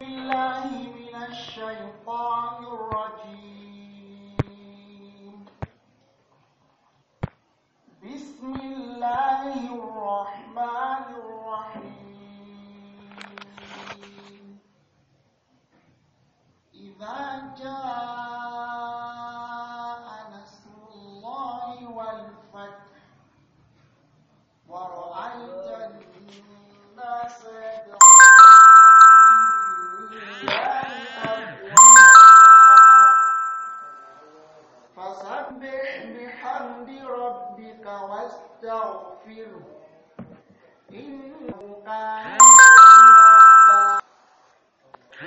بالله من بسم الله الرحمن الرحيم إذا جاء نصر الله والفتح ورأيت الناس يدعون نستغفره إنه كان بسم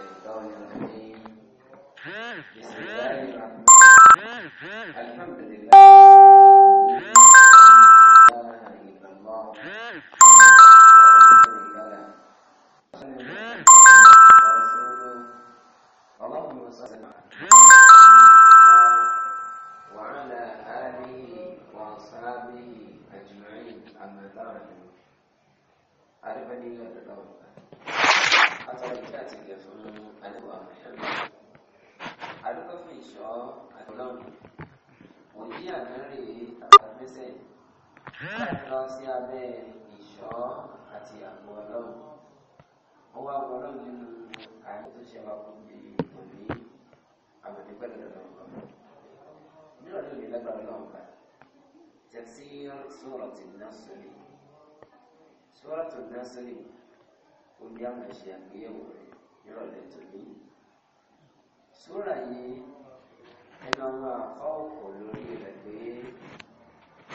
الله الرحمن الرحيم الحمد لله Thank you. ní ọ̀dọ̀ ọ̀gá àtàwọn ìdí àti ìgbẹ́ fún àdéhùn àmọ́yẹ́mọ́ àdúgbò fún ìṣọ́ àdúgbò òyí àmọ́rè àtàmẹ́sẹ̀ lọ sí abẹ́ ìṣọ́ àti àbò ọlọ́run ó wá bọ́ ọlọ́run nínú àyè tó ṣe wá fún mi òní àmọ̀dégbẹ́ lọ́dọ̀ ọ̀gá nírọ̀lẹ́ òní lágbára ọlọ́run gbà tẹ̀sí sóòrọ̀ tì ní náà sórí sọ́ọ̀tù násìrì ó bí àwọn ṣe àgbéyẹ̀wò rẹ̀ nírọ̀lẹ́ tòní sóra yìí ẹnu àwọn àkọ́ ọ̀pọ̀ lórí rẹ̀ pé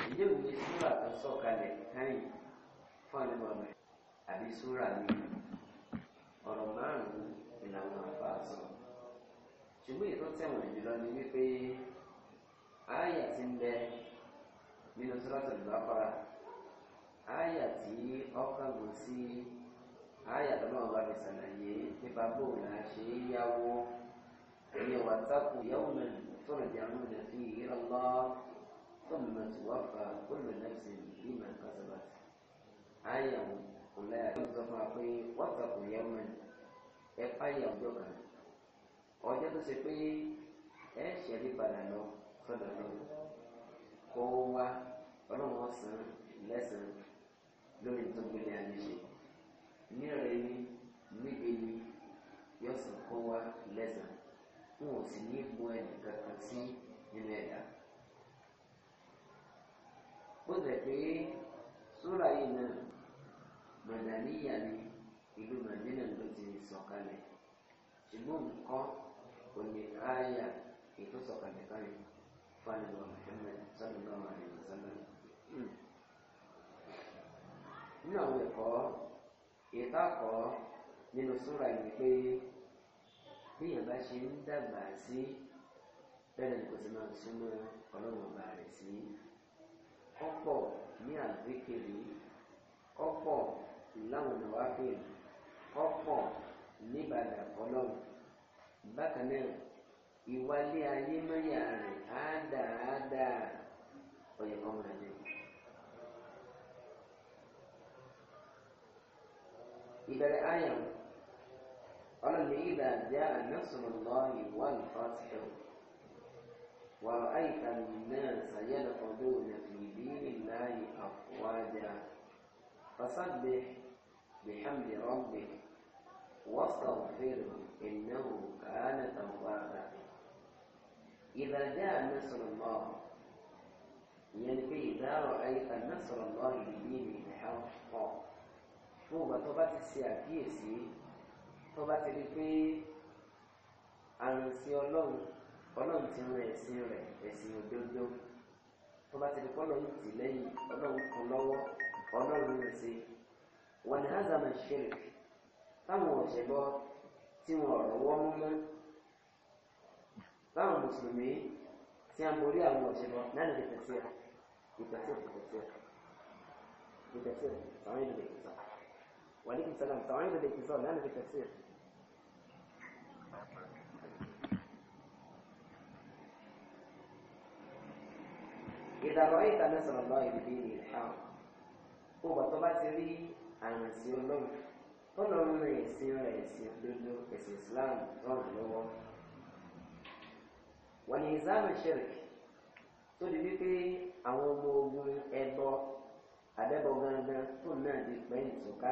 ilé ìwé sóra tó sọ̀kalẹ̀ káyìn fún àlùmọ̀ rẹ̀ àbí sóra mi ọ̀rọ̀ márùn-ún ìlànà àbá sọ ṣùgbọ́n ètò tẹ̀wọ̀n jùlọ ni wípé ààyè ti ń bẹ nínú sọ́ọ̀tù ìbáfara. aya tí ọkàn mọ̀ sí áyà tọ́lọ́ bá fi na nípa bóòlù àṣẹ yáwó ẹ̀yẹ wàtákù yáwó mẹ́rin àwọn fi ìrọ̀ lọ tọ́lùmọ̀ tí wọ́n fa olùmọ̀ náà sì bí màá kásìbà áyà kò láyà tó sọ fún wa pé wàtákù yáwó ẹ kan tó ṣe pé ẹ padà lọ kó lórí tó gbélé ayé ṣe ní ọ̀rẹ́ ní níbi ni yóò sì kó wá lẹ́sàn n ò sì ní bu ẹnì kankan sí nínú ẹ̀dá. ó jẹ́ pé súrà yìí náà màdàníyà ni ìlú màdínà ló ti sọ̀kalẹ̀ ṣùgbọ́n nǹkan kò ní ráyà ètò sọ̀kalẹ̀ báyìí fún àlejò Muhammad sallallahu alaihi wasallam nínú àwọn ẹ̀kọ́ ìta kọ́ nínú súra yìí pé bíyàn bá ṣe ń dàgbà sí bẹ́ẹ̀ ni kò ti máa súnmọ́ ọlọ́run ọba rẹ̀ sí ọ̀pọ̀ ní àgbékèrè ọ̀pọ̀ láwọn ọ̀nà wá pè ọ̀pọ̀ níbàdàn ọlọ́run bákan náà ìwálé ayé mọ́yà rẹ̀ áádáadáa ọ̀yẹ̀kọ́ máa dé. يبقى الآية قال إذا جاء نصر الله والفتح ورأيت الناس يدخلون في دين الله أفواجا فسبح بحمد ربك واستغفره إنه كان توابا إذا جاء نصر الله يعني إذا رأيت نصر الله بدينه الحق fún ìgbà tó bá ti ṣe àkíyèsí tó bá ti rí pé àrùnsí ọlọ́run ọlọ́run ti ran ẹ̀sìn rẹ̀ ẹ̀sìn òdodo tó bá ti rí pé ọlọ́run tì lẹ́yìn ọlọ́run kan lọ́wọ́ ọlọ́run rẹ̀ sí wọn ni hazama ṣẹlẹ̀ táwọn ọ̀ṣẹ́gbọ́ tí wọn ọ̀rọ̀ wọ́n mú mọ́ mùsùlùmí tí a borí àwọn ọ̀ṣẹ́gbọ́ náà lè tẹ̀síà ìtẹ̀síà ìtẹ̀síà ìtẹ̀síà àwọn ìlú ìtẹ̀síà. وعليكم السلام تعيد الانتظار لأنا في التفسير إذا رأيت نصر الله بدين الحق هو تباتري عن سيولوم Ọlọ́run rẹ̀ ẹ̀sìn rẹ̀ ẹ̀sìn òdodo ẹ̀sìn Islam ràn lọ́wọ́. Wọ́n ní ìzáàmù ṣẹ̀rìk tó di wípé àwọn ọmọ ogun ẹbọ àbẹ́bọ gangan tó náà di pẹ́yìn tó ká.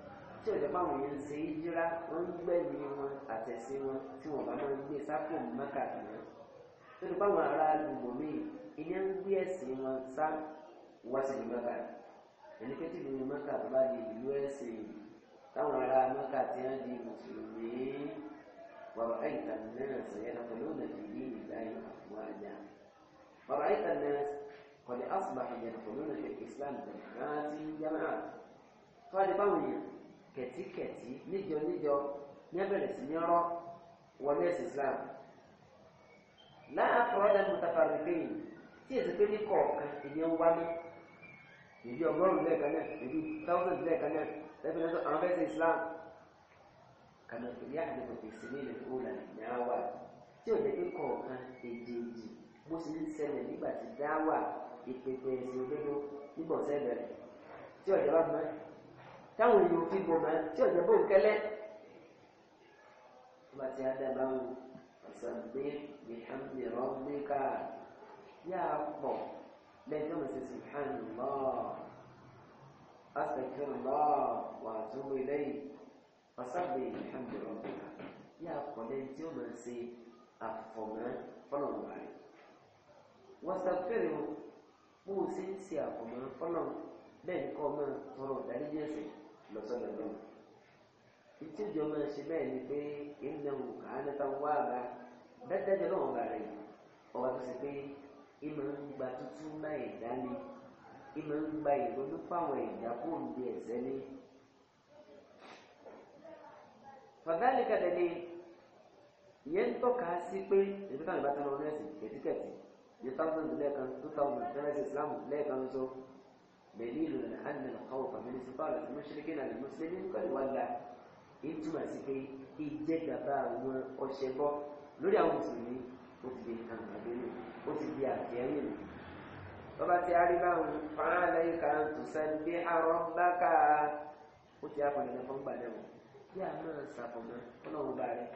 tí ò jẹ́ báwọn èèyàn ń ṣe é jíra wọ́n ń gbẹ̀mí wọn àtẹ̀sí wọn tí wọ́n bá máa ń gbé sápò mọ́kà kìíní lórí báwọn ará gbogbo míì ilé ń gbé ẹ̀sìn wọn sá wá mọ́kà ẹni pé tí ìlú mọ́kà tó bá di ìlú ẹ̀sìn táwọn ará mọ́kà ti hàn di mùsùlùmí wàrà àyíká náà sẹ̀yẹ́ náà pẹ̀lú ọ̀nà ìdí ìdáyé àwọn àjà wàrà àyíká náà kẹ̀tíkẹ̀tí níjọ níjọ ní ẹbẹ̀rẹ̀ sí ní ọ̀rọ̀ wọlé ẹ̀sìn Islam láàpọ̀ ọ̀dà mutafarriqin tí èsì pé ní kọ̀ọ̀kan ìyẹn ń wáyé ìdí ọgọ́rùn-ún lẹ́ẹ̀kan náà ìdí thousand lẹ́ẹ̀kan náà lẹ́ẹ̀kan náà àwọn fẹ́ẹ́ Islam kàmá ìdí àdìbò èsì ní ilẹ̀ fúlà ní àwà tí ò jẹ́ pé kọ̀ọ̀kan èdè èdè bó ṣe ń ṣẹlẹ̀ nígbà tí dáwà ìpèpè ẹ̀sìn òdodo nígbà ọ̀sẹ̀ bẹ̀rẹ̀ tí ọ̀jọ̀ bá gbọ́n táwọn èèyàn fi bò máa tí ọ̀jọ̀ bò ń kẹ́lẹ́ ọba tí a dábàá wọn ọ̀sàgbé bihamdi rabbika yáa pọ̀ lẹ́yìn tó mọ̀ sí subhanallah astaghfirullah wa atubu ilayhi ọ̀sàgbé bihamdi rabbika yáa pọ̀ lẹ́yìn tí ó mọ̀ sí àfọ̀mọ́ fọlọ́mù rẹ̀ wọ́n sàfẹ́rẹ̀ o ṣe ń ṣe àfọ̀mọ́ fọlọ́mù bẹ́ẹ̀ ni kọ́ ọ máa tọrọ ìdáríjì lọ́sọ̀nà náà ìtí ìjọba ṣe bẹ́ẹ̀ ni pé ìnáwó kàánátà wà bá dájájọ náà wà rẹ̀ ọ̀wá tó ṣe pé ìmọ̀ ń gba tútú náà ẹ̀dá ni ìmọ̀ ń gba ìrònú fáwọn ẹ̀dá kó ń di ẹ̀sẹ̀ ní. fàdálìkà ni, ìyẹn ń tọ́ka sí pé ètò kan ìbátan ọ̀rẹ́sì kẹ̀tíkẹ̀tì ní thousand lẹ́ẹ̀kan two thousand tẹ́lẹ̀sì islam lẹ́ẹ̀kan tó. دليل أن الخوف من استطالة المشركين للمسلمين قد ولى ìtumọ̀ sí pé ìjẹ́gàba àwọn ọ̀ṣẹ́bọ́ lórí àwọn mùsùlùmí ó ti di nǹkan àgbélé ó ti di àjẹrí nù. bọ́bá ti arí báwọn fáwọn lẹ́yìn kan tó sẹ́ni pé àrọ́ bá ká ó ti àpọ̀lẹ̀ lọ́fọ́ gbà náà wọ̀ bí a máa ṣàfọ̀mọ́ ọlọ́run bá rẹ̀.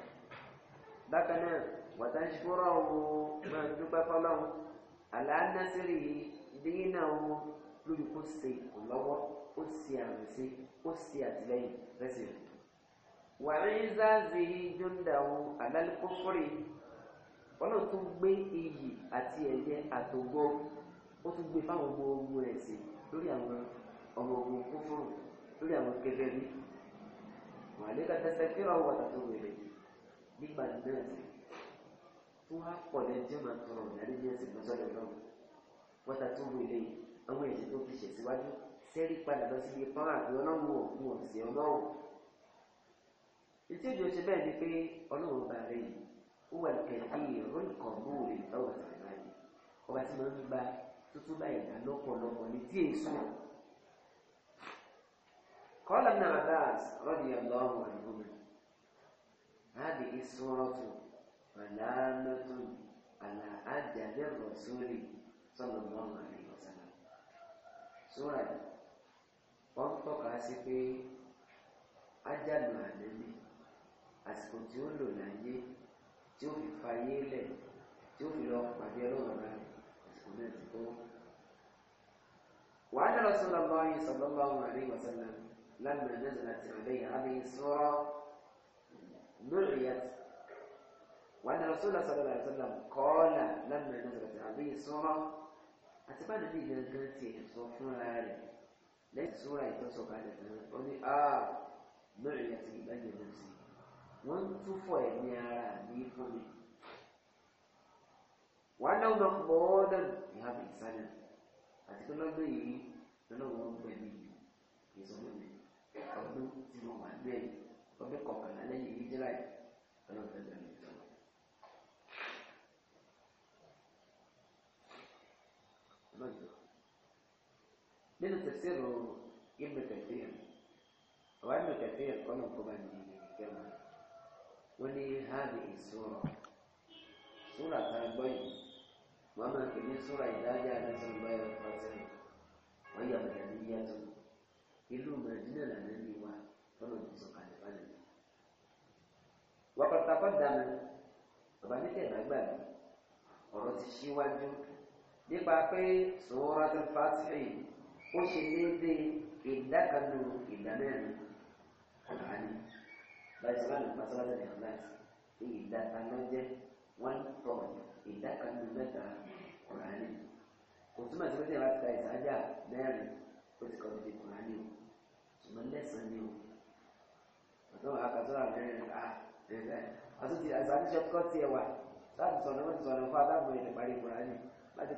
bákan náà wọ́tá ń ṣúrọ̀ wọn máa dúpẹ́ fọlọ́run àlàá násìrì dínà wọn lórí kó ṣe ìlọ́wọ́ ó ṣe àmìṣe ó ṣe àtìlẹ́yìn lẹ́sìn rẹ̀. wàrí záàzìhì jóńdàwó àdálékófórè ọlọ́run tó gbé iyì àti ẹ̀yẹ àtògbọ́ ó tún gbé fáwọn ọmọ ogun ẹ̀sìn lórí àwọn ọmọ ogun kófóró lórí àwọn kèfèrí wà nígbà tẹsẹ̀ kí wọ́n wọ̀tà tó wẹ̀lẹ̀ nígbà náà sí tó wá máa tọrọ ìyá níbi ẹ̀sìn lọ́sọ̀rọ̀ náà wọ́tà tó wẹ̀lẹ̀ yìí. àwọn èdè tó fi ṣèṣíwájú sẹ́rí padà lọ síbi pọ́n àbí ọlọ́run òkun òsì ọlọ́run ìtí ìjọ ṣe bẹ́ẹ̀ ni pé ọlọ́run bá rẹ̀ yìí ó wà bó rè yìí ọba tí wọ́n ń gba tuntun báyìí dá lọ́pọ̀lọpọ̀ ní tí èso súra yìí wọ́n tọ́ka sí pé ájàlù ànẹ́bí àsìkò tí ó lò láyé tí ó fi fa ayé lẹ̀ tí ó fi lọ pàdé ọlọ́run rẹ̀ àsìkò náà ti tó. وعن رسول الله صلى الله عليه وسلم لما نزلت عليه هذه السورة نعيت وأن الرسول صلى الله عليه وسلم قال لما نزلت هذه السورة àti pàdé bí gangan ti sọ fúnra rẹ̀ lẹ́yìn sọ́ra ìtọ́sọ̀ kalẹ̀ tán ó ní áà ah, mẹ́rin àti ìbáyé ló sí wọ́n ń túfọ̀ ẹ̀mí ara mi fún mi. wàá náwó náà pọ̀ ọ́ dànù ìhà mi sálẹ̀ àti pé lọ́gbẹ́ yìí lọ́wọ́ ń pẹ̀ mí ìsọ̀rọ̀ mi ọdún tí mo wà bẹ́ẹ̀ ọdún kọkànlá lẹ́yìn ìjírà yìí ọlọ́pàá lẹ́yìn. nínú tẹ̀síìrò ibnu kẹfìr àwọn ibnu kẹfìr kọ́nà kó bá ní kẹmà wọ́n ní hàbí ìṣúra ṣúra tá a gbọ́ yìí wọ́n máa fi ní ṣúra ìdájọ́ àdáṣe ìgbáyọ̀ ọ̀sẹ̀ wọ́n yà wọ̀nyà ní yàtọ̀ ìlú mẹ́rin náà lànà ní wa kọ́nà tó sọ kalẹ̀ bá nìyẹn. wọ́pọ̀tà ó ṣe déédéé ìdá kan nù ìdá mẹ́rin àní báyìí sọ́wọ́n nípa sọ́wọ́n ìdá kan ló jẹ́ one third ìdá kan nù mẹ́ta kùránì kò túmọ̀ sí pé tí a bá ti ka ìsájà mẹ́rin ó ti kọ́ ti kùránì o ṣùgbọ́n lẹ́sàn-án ni o ọ̀tọ́ àkàtọ́ àmẹ́rin à ẹ̀ẹ́dẹ́ àtúntì àtúntì ṣọ́kọ́ tiẹ̀ wà láti sọ̀nà wọ́n ti sọ̀nà fún adágún ẹ̀ ti parí kùránì láti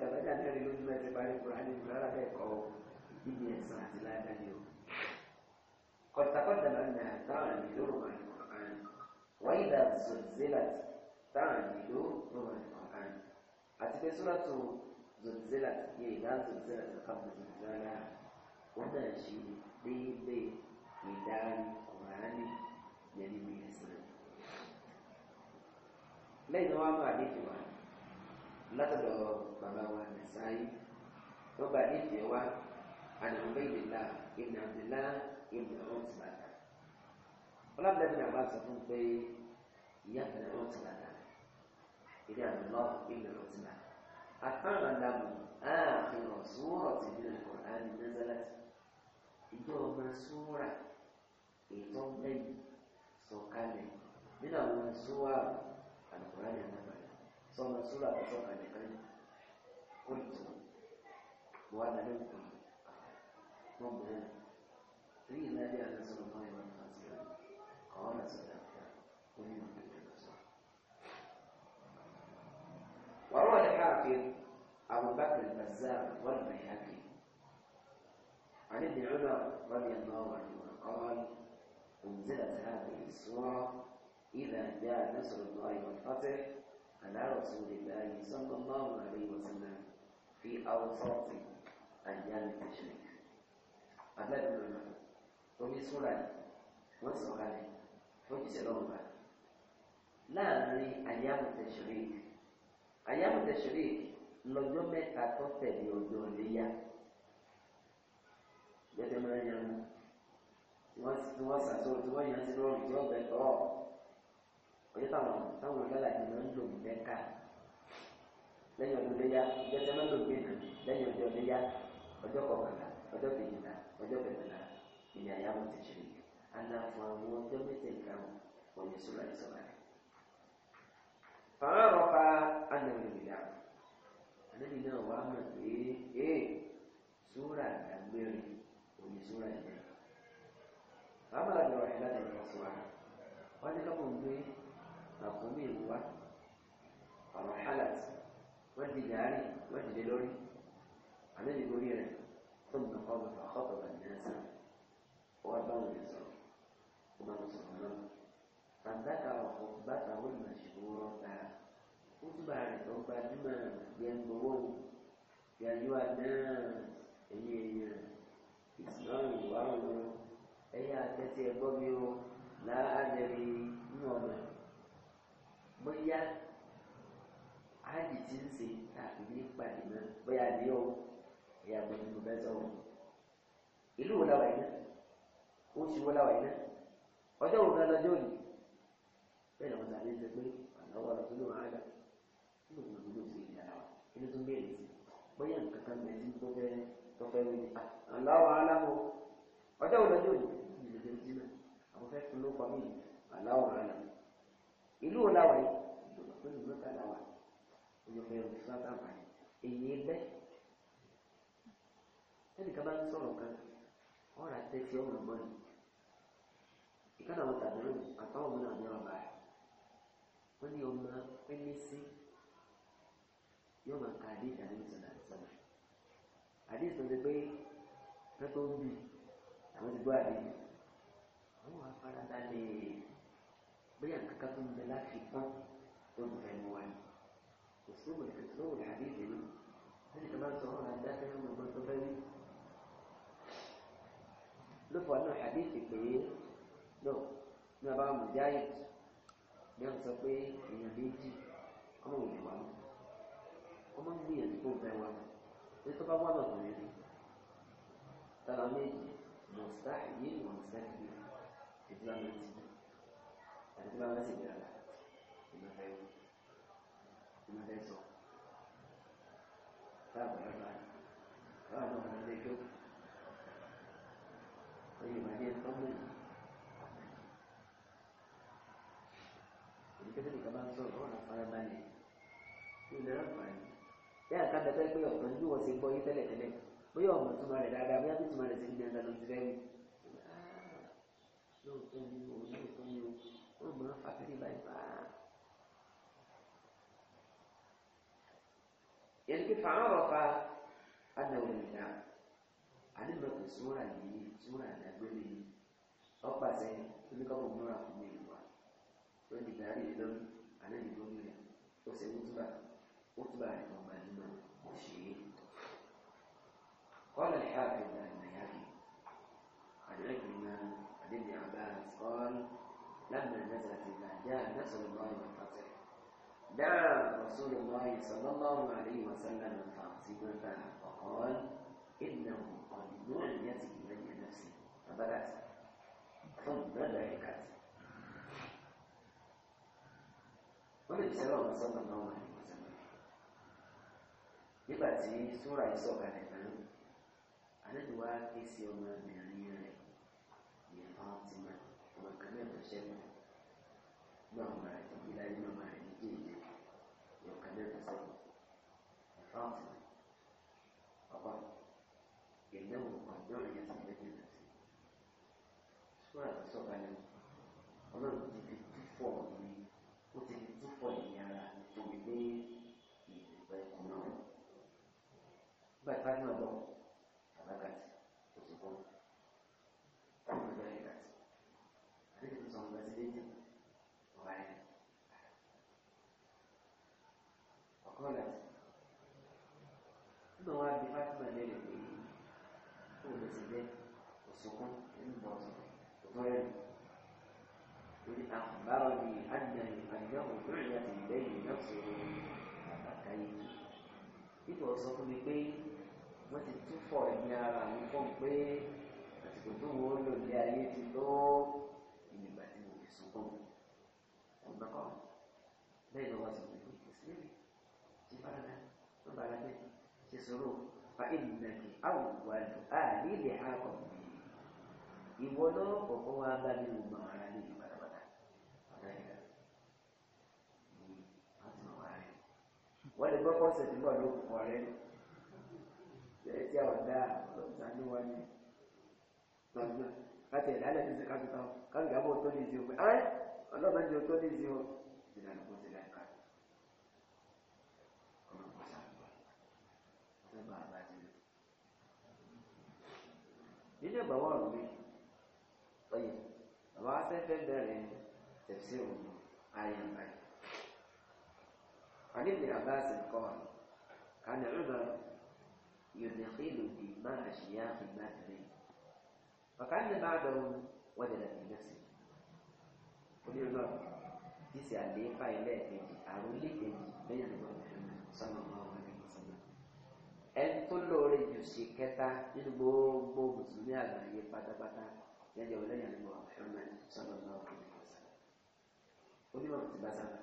lójú ẹ̀ ti parí kùránì kùránì abẹ́ ẹ̀kọ́ níbi ẹ̀sán àti ládàlẹ́ o. kọ̀tàkọ̀tà lọ́nà táwọn ìlú rọ̀mà ní kọ̀ọ̀kan wáyé dà zòzélàt táwọn ìlú rọ̀mà ní kọ̀ọ̀kan àti pé sọ́làtò zòzélàt yẹ ìdá zòzélàt kàbọ̀ zòzélà wọ́n náà ṣe déédéé ìdáni kùránì yẹn níbi ẹ̀sán. lẹ́yìn náà wá máa dé jù látọ̀dọ̀ bàbá wa nàìjíríà wọ́n bá dé jù عن عبيد الله بن عبد الله بن عتبة ولعبد بن عباس يقول بي يا ابن عتبة إلى الله بن عتبة أتعلم آخر سورة من القرآن نزلت يوم سورة يوم لي سوكالي من أول سورة القرآن النبوي صلى سورة وسوكالي قلت قلت وأنا لم أقل ربنا فيما جاء نصر الله والخاسرين قال صدقت ومن البصر وروى الحافظ أبو بكر البزار والبيهقي عن ابن عمر رضي الله عنهما قال أنزلت هذه السورة إذا جاء نصر الله والفتح على رسول الله صلى الله عليه وسلم في أوساط أيام التشريق àbíláàdì lórí ma omi súnra ni wọ́n ti sọ̀rọ̀ rẹ̀ wọ́n ti sẹ̀lọ́ ọ̀gbà láàrin àyàmù tẹ̀sírì àyàmù tẹ̀sírì lọ́jọ́ mẹ́ta tó tẹ̀lé ọjọ́ léyà gbẹdẹ máa ń yan wọn tí wọ́n ṣàtúnwò tí wọ́n yan sí lọ́rùn tí wọ́n bẹ tọ́ ọjọ́ táwọn táwọn ọ̀gálàjì máa ń lò mẹ́ka lẹ́yìn ọdún léyà gbẹdẹ máa ń lò mẹ́ka lẹ́yìn léyà ọjọ́ kọkànlá ọjọ́ kejìlá ọjọ́ kẹtàlá ilẹ̀ àyàwó ti ṣe aláfọ àwọn ọjọ́ mẹ́tẹ̀ẹ̀ta wọn ní sọ́lá ìsọ̀lá rẹ̀. fàárọ̀ pa anàmìlá anábì náà wàá mọ̀ pé ee sóra àgbẹ̀rẹ̀ òní sóra ẹ̀jẹ̀. bàbá àgbẹ̀rẹ̀ wà láti ẹ̀kọ́ sí wa wọ́n ní káwọn gbé àkómi ìlú wa ọ̀rọ̀ hálàtì wọ́n ti gàárì wọ́n ti lé lórí anábì lórí rẹ̀. ثم قال فخطب الناس وأبوا يزعوا ومن صلى فذكر خطبته المشهورة خطبة خطبة لما ينبغون يا أيها الناس أي إسلام وعلم أي أتتي بميو لا أدري نوما بيا، áàdì tí ń ṣe بيا ní ẹ̀yà gbogbo tó bẹ́ẹ̀ Ilu ìlú wo láwàá iná oṣù wo láwàá iná ọjọ́ wo gan lọ́jọ́ yìí bẹ́ẹ̀ lọ́wọ́ sàlẹ̀ ń sọ pé àlọ́wọ́ lọ Ilu àádá nínú ìgbìmọ̀ ló ṣe ìyára wa inú tó bẹ̀rẹ̀ sí bóyá nǹkan kan bẹ̀rẹ̀ sí tó fẹ́ tó fẹ́ wí nípa àlọ́wọ́ aláwọ̀ ọjọ́ wo lọ́jọ́ yìí ìlú tó ti náà àwọn fẹ́ fún ló pa mí àlọ́wọ́ aláwọ̀ ìlú wo láwàá yìí ìlú tó ní mọ́tà láwàá tẹ́nìkan bá ń sọ̀rọ̀ kan ọ̀rọ̀ àtẹ́tí ọ̀rọ̀ mọ́ ni ìkànnì àwọn tàbí àtàwọn ọmọ náà ní ọ̀rọ̀ báyìí wọ́n ní ọmọ pẹ́lẹ́ sí yóò máa ka àdéhùn àdéhùn sọ̀dà sọ̀dà àdéhùn sọ̀dà pé pẹ́tọ́ ń bì àwọn ti gbọ́ àdéhùn àwọn afárádá lè bóyá kankan tó ń bẹ láti pọ́n tó ń fẹ́ mu wa kò sóòwò ìfẹ́ sóòwò àdéhùn náà tẹ́nìkan bá sọ̀rọ̀ àdéhùn àdéhùn ló fọ náà hadithi pé lọ ní abá mujahid ní a sọ pé èèyàn méjì ọmọ òun wà mọ ọmọ ń gbìyànjú kó bẹ wọn ní tó bá wà lọ wọn rí tàbá méjì mọ̀sá yìí mọ̀sá yìí ìdílé àmì ti àti ìdílé àmì ti dára ìmọ̀ fẹ́ sọ. Tá a bá a. Báwo ni lè jókòó? 可以买点东西。ìkéde nìkan bá ń sọ ọ̀rọ̀ náà orang balẹ̀ ilẹ̀ ọ̀pọ̀lọpọ̀ bẹ́ẹ̀ àkàbẹ̀ tó yẹ pé ọ̀kan bí wọ́n ti gbọ́ yí tẹ́lẹ̀ tẹ́lẹ̀ bóyá ọ̀mọ̀ tó máa rẹ̀ dáadáa bóyá tó ti máa rẹ̀ sí ìdíyàn dáadáa ti rẹ́ mi. lóòótọ́ ni o lóòótọ́ ni o wọ́n máa ń fàkìrì báyìí adébọ̀tì súnra yìí súnra àdágbélé yìí ọ̀pá sẹ́yìn oníkọ́kọ́ múra kò ní ìlú wa ó di gàárì lọ́dún àlejò tó nílẹ̀ ó ṣe wútúbà wútúbà rẹ̀ ọgbà nínú kò ṣe é. قال الحافظ النيابي عن عكرمة عن ابن عباس قال لما نزلت إذا جاء نصر الله والفتح دعا رسول الله صلى الله عليه وسلم فاطمة فقال إنه قد نعيت إلي نفسي فبدأت ثم بكت ومن سبب صلى الله عليه وسلم يبقى سورة يسوق على الفن أنا دواك سيوما بنانية يا فاطمة وما كان يتشرف ما هو معي إلى ما معي جيدة يوم كان ọlọ́run yẹn tàbí jìnà sí ṣúra tó sọ kalẹ̀ ọlọ́run ti fi túfọ̀ mi ó ti fi túfọ̀ ẹ̀yìn ara torí pé ìgbà ẹ̀kọ́ náà gbàgbá náà lọ́wọ́. sọ fún mi pé wọ́n ti túfọ̀ ẹ̀mí ara mi fọ́ mi pé àsìkò tó wọ́n lò ní ayé ti lọ ìgbà tí mo fi sunkún mi. ọ̀gbọ́n kan bẹ́ẹ̀ lọ́wọ́ sí mi kò sí èrè ṣe farada ló bá ara bẹ́ẹ̀ ṣe sọ̀rọ̀ fa ìdùnnàkì àwùjọ àlù àìlè àkọ́kọ́ ìwọ lọ́wọ́ kọ̀ọ̀kan wá bá mi wò mọ́ ara nínú. wọ́n lè gbọ́kọ́ ṣe tí bọ́ọ̀lù òkùnkùn rẹ̀ ṣẹlẹ̀ tí a wà dáa ọ̀sánú wọn ni tọ́jú láti ẹ̀dá lẹ́nu sí kápítà kápítà bó tó ní ìsìn òpin ẹ́ ọlọ́mọ ní o tó ní ìsìn òpin ìlànà kò sí láìka ọmọ kò sàgbà ọmọ bá bá ti lè. nínú ìgbàwọ́ ọ̀rọ̀ mi ọyẹ bàbá wa bẹ̀rẹ̀ tẹ̀síwò ayé báyìí. عن ابن عباس قال كان عمر يدخل في ماء شياخ بدر فكان بعدهم وجد في نفسه قل عمر تسع ليفا إلى كيجي أو لكيجي بين محمد صلى الله عليه وسلم ẹn tó lóore jù sí kẹta nínú gbogbo mùsùlùmí àgbáyé pátápátá lẹ́yìn ọlẹ́yìn àgbà Muhammad sallallahu alaihi wasallam onímọ̀ tó ti bá sábà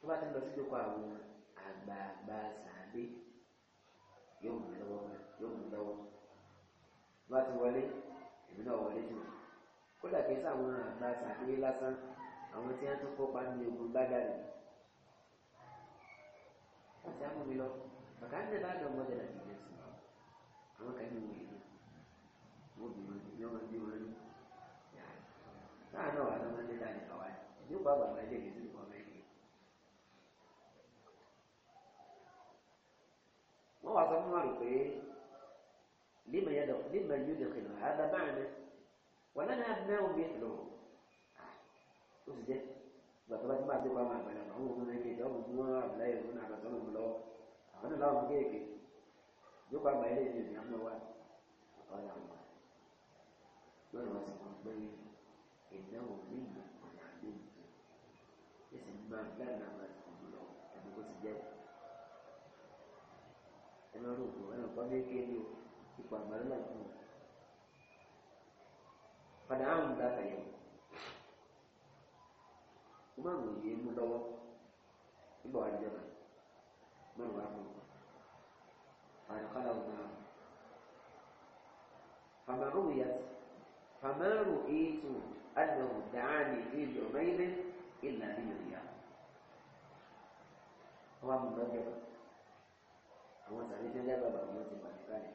tó bá ti lọ sí ìdókò àwọn àgbààgbà sàádé yóò mú lọ́wọ́ yóò mú lọ́wọ́ tó bá ti wọlé èmi náà wọlé jù kódà kí sáwọn àgbà sàádé lásán àwọn tí wọ́n tún kópa ní ogun gbágbáre láti á mú mi lọ bàtà ń tẹ̀lé àdó ọmọdé láti ilé sí àwọn kan ní wòye ní wọ́n bí wọn ní wọ́n wọn ní láàánú àwọn ọmọdé láti kàwáyé yóò bá bàbá jẹ́ ìdí kedi ọwụ m w bụla a iwụ na na-azụ abata lw ụ eke dị kwa banyere ee mwa ke ịla e fadahamu ذات يوم umaru yìí mú lọ́wọ́ nígbà wàá jẹba umaru wàá mú fàdàkàlà umaru fàmàrú yàt fàmàrú ètò adàmù dàánì ìlú mẹ́rin ìlà nínú yà wàá mú lọ àwọn sàbẹ̀tẹ̀ jẹba bàbá wọn ti pàdé kalẹ̀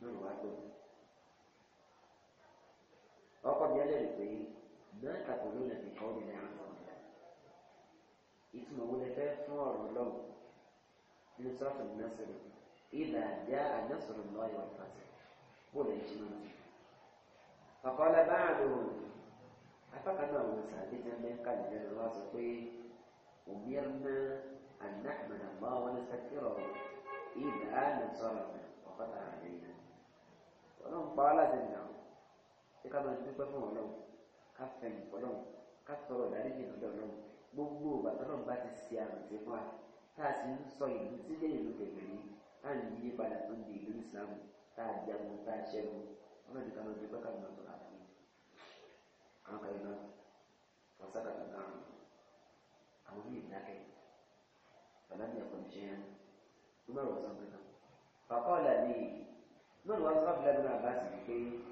umaru wàá gbọ́. وقد يدرك ما تقولون في قول الله عز وجل اسمه لفاف صور لو من النصر إذا جاء نصر الله والفتح قول يشمل فقال بعضهم أفقد هو ثابتا من جل الله سبحانه أمرنا أن نحمد الله ونستغفره إذا نصرنا وقطع علينا ولهم قال سنه ṣé ká máa dúpẹ́ fún ọlọ́run ká fẹ̀yìn fọlọ́run ká sọ̀rọ̀ ìdáríjì lọ́dọ̀ ọlọ́run gbogbo ìbátanà bá ti ṣe àròjẹ fún wa tá a sì ń sọ ìlú sílé ìlú kẹfẹ́rí tá à ń yí padà tó ń di ìlú ìsìlámù tá a jagun tá a ṣẹ́gun wọn ti ká máa dúpẹ́ ká máa sọ̀rọ̀ àfẹ́ àwọn kan iná wọn sábà tó ká àwọn àwọn wọ́n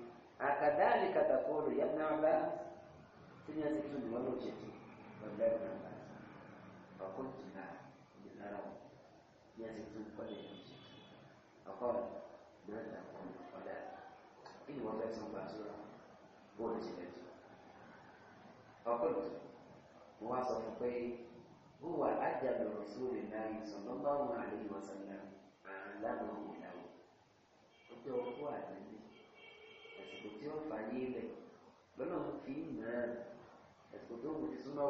sọ أكذلك تقول يا ابن عباس سنيا سكتون ولو جدي ولا ابن عباس فقلت نعم نعم سنيا سكتون ولا جدي فقال ماذا أقول ولا إن وضعت مباشرة بول جلدي فقلت واصف بي هو أدب رسول الله صلى الله عليه وسلم أعلمه له قلت وقوع النبي ẹ̀sùn tí ó fà ní ilẹ̀ lọ́nà ń fi mọ̀ ẹ́ ẹ̀sùn tó wù súnmọ́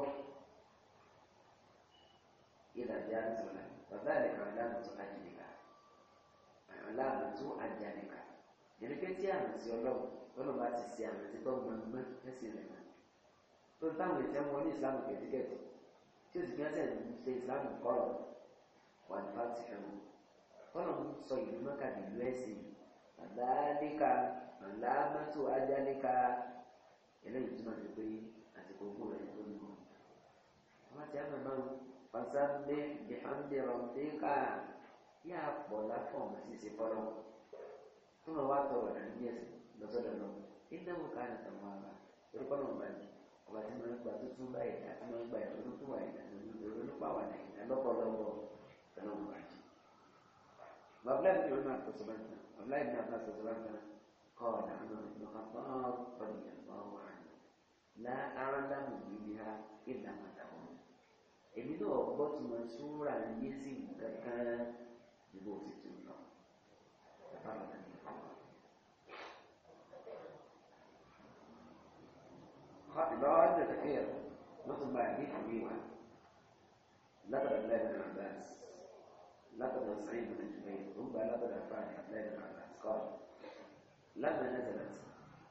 ìlàjà àdìsọ̀lá bàbá rẹ̀ kan láàmú tó àjìnìkà àwọn láàmú tó àjànìkà ìrìkẹ́ tí àmì sí ọlọ́run lọ́nà bá ti ṣe àmì títọ́ gbọ̀ngbọ̀n ẹ̀sìn rẹ̀ náà tó táwọn ìtẹ́ wọn ní ìsìlámù kẹ̀tíkẹ̀tì tí ó sì fi ẹsẹ̀ ṣe ìsìlámù kọ́rọ̀ wà ní fásitì àlámátò ajálíka eléyìí túmọ̀ sí pé àsìkò ogún rẹ̀ tó lù ú. wọ́n ti àmọ̀ náà pàṣẹ bíhàmdì rọ̀mdínkà yà pọ̀ láfọ̀mù síse fọlọ́ tó lọ wá tọrọ nàìjíríà lọ́sọ̀dọ̀ náà iná mú ká nìkan wọn bá orúkọ náà bá ní ọba tí wọn gba tuntun bá yìí àti wọn gba ìrònúkúwà yìí àti ìrònúpàwà náà yìí lọ́pọ̀lọpọ̀ kanáà wọn bá jù. bàbá ìbí ọ̀nà àtọ̀sọ̀bá nìkan bàbá ìbí ọ̀nà àtọ̀sọ̀bá nìkan قال عمر بن الخطاب رضي الله عنه لا أعلم بها إلا ما تقول èmi náà gbọ́ tí على súnra ní sí kankan níbo sì tún lọ bàbá bàbá mi kọ́. لو أنت حبيبا لقد أبلاد بن عباس لقد سعيد بن جبير ثم لقد أفعل أبلاد بن عباس قال لما نزلت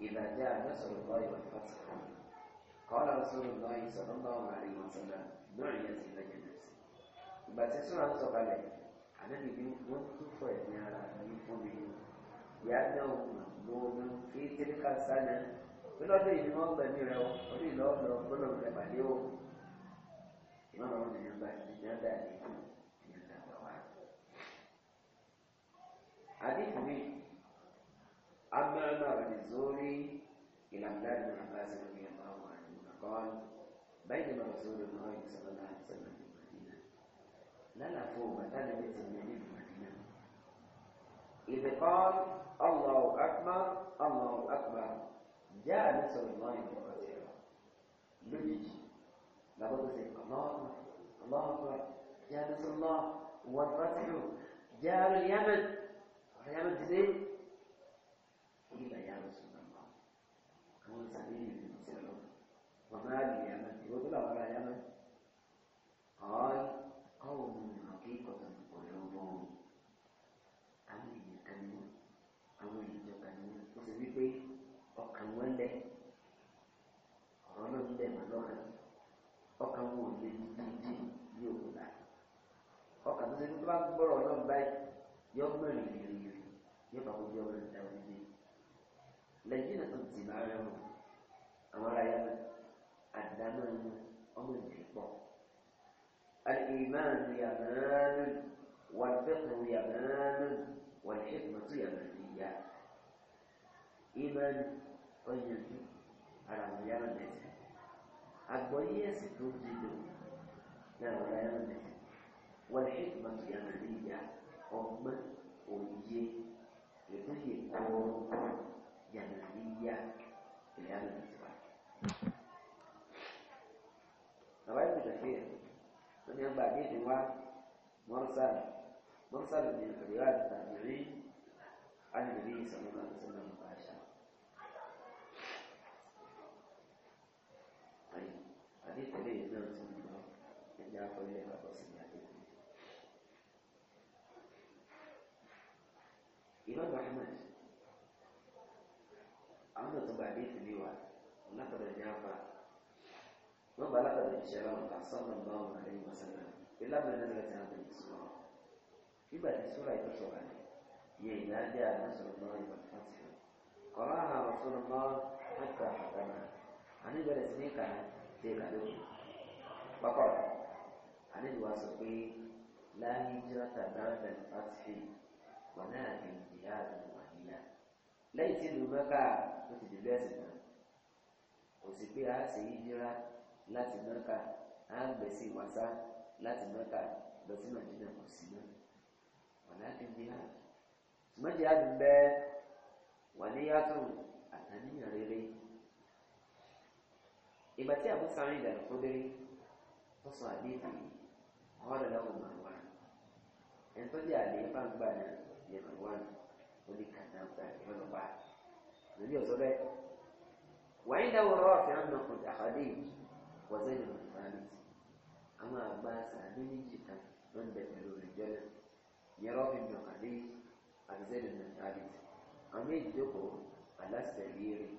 إذا جاء نصر الله والفتح قال رسول الله صلى الله عليه وسلم دعيت المجنة بس سورة سقالة أنا بدي وقف يا ربي يأنه مقبول في تلك السنة ولكن يجب أن يكون هناك لوب لوب كلهم لباليو إمام عمر بن حنبل ينادى عليكم ينادى حديث أما معبد الزوري إلى أولاد بن عباس رضي الله عنهما قال بينما رسول الله صلى الله عليه وسلم في المدينة لنا فوق مثلا بيت النبي في المدينة إذ قال الله أكبر الله أكبر جاء نصر الله وقتيرا لجي لابد سيد الله أكبر الله أكبر جاء نصر الله والفتح جاء اليمن اليمن جديد قيل يا رسول الله كون سبيل المسلم وما لي يمن وقل ولا يمن قال قوم حقيقة قلوبهم àwọn èèyàn kan ní wọn àwọn ìjọ kan ní wọn ó sì wípé ọkàn wọn lẹ ọ̀rọ̀ náà ń bẹ̀ wọ́n lọ́rẹ̀ ọkàn wọn ò lè dídí ní òkú láti ọkàn tó ṣe tó bá gbọ́rọ̀ náà báyìí yọ mẹ́rin rírì yọ bá gbogbo ọmọ ìdáwọ́ dídí. lẹ́yìn tó ti máa ń mọ̀ àwọn ará yẹn àdámọ́ ọmọ ìdí pọ̀. الإيمان يمان والفقه يمان والحكمة يمانية إيمان أين على مليان نسي أقوية ستون جدو على مليان نسي والحكمة يمانية أمة أمية يتحي أمور جهمية في هذا الازواج رواية ابن كثير من ينبع به هو مرسل مرسل من رواية التابعين عن النبي صلى الله عليه وسلم مباشرة طيب حديث ليه نعم سنة الله إلا قليل òjíṣẹ́ lọ́wọ́ bá sọ́nà bá wọn àrẹ ìwọ̀n sẹ́nà pé lábẹ́ náà lẹ́tẹ̀ náà bẹ̀rẹ̀ sí wọn. nígbà tí sóra yìí sọ̀rọ̀ rẹ̀ yẹ ìyá jẹ́ àdánsọ̀rọ̀ náà ìwà láti rẹ̀. kọ̀rọ̀ àwọn àwọn sọ̀rọ̀ náà àgbà àgbàmà àní bẹ̀rẹ̀ sí ní kà dé kàlókù. pápá àní ìwà sọ pé láyé jírátà dáadáa láti wà náà ní náà láti mẹ́ríkà á gbẹ̀ sí wàsá láti mẹ́ríkà lọ sí nàìjíríà kò sí náà wàlá kẹ́mi hà ṣùgbọ́n jihad ń bẹ wà ní yàtọ̀ àtàníyàn rere ìgbà tí àbúrò sáré ìdàrú kó dé ó sọ àdéhùn ọ̀rọ̀ lọ́wọ́ màá wà ẹni tó jẹ́ àlè bá náà yẹ màá wà ó ní kàdá gbà yọ lọ́wọ́ àlè ọ̀sọ́ bẹ́ẹ̀ wàá dáwọ́ rọ́ọ̀fẹ́ àmọ́ kò dàgbà wazayinu sábìtì àwọn àgbà sàbí méjì kan ló ń bẹ pẹ̀lú ìjọ náà yẹrọ ìmọ̀ àbí àbísẹ́yìn sábìtì àwọn méjì jókòó aláṣẹ̀lérè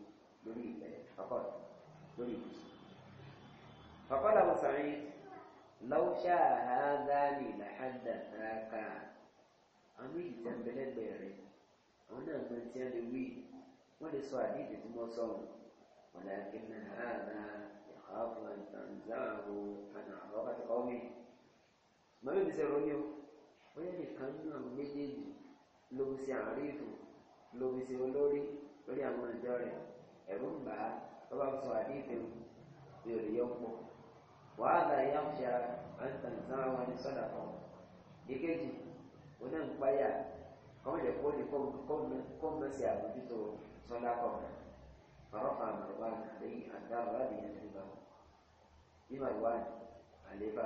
lórí ìfẹ́ ọkọ̀tù lórí ìbùsùn. فقال أبو سعيد لو شاء هذان لحدثاك àmì ìtẹ̀m̀bẹ̀lẹ́gbẹ̀ rẹ̀ àwọn náà gbọ́n tí a lè wí wọ́n lè sọ àdéhùn tí wọ́n sọ̀rọ̀ wọ́n lè kí n náà rà náà. أخاف أن تنزعه عن عربة قومه ما يريد سيرونيو ويلي كان مجد لو سيعريف لو سيولوري lórí àwọn ìjọ rẹ̀ ẹ̀rù ń bà á tó bá sọ àdéhùn èrè yọpọ̀ wàhálà ìyá ń ṣe àǹtàǹtàn àwọn ẹni sọ́dà kan ìkejì oní ìpáyà kọ́mọ lè kó ní kọ́mọ sí àbójútó sọ́dà kan ọ̀rọ̀ nínú ìwádìí àlébà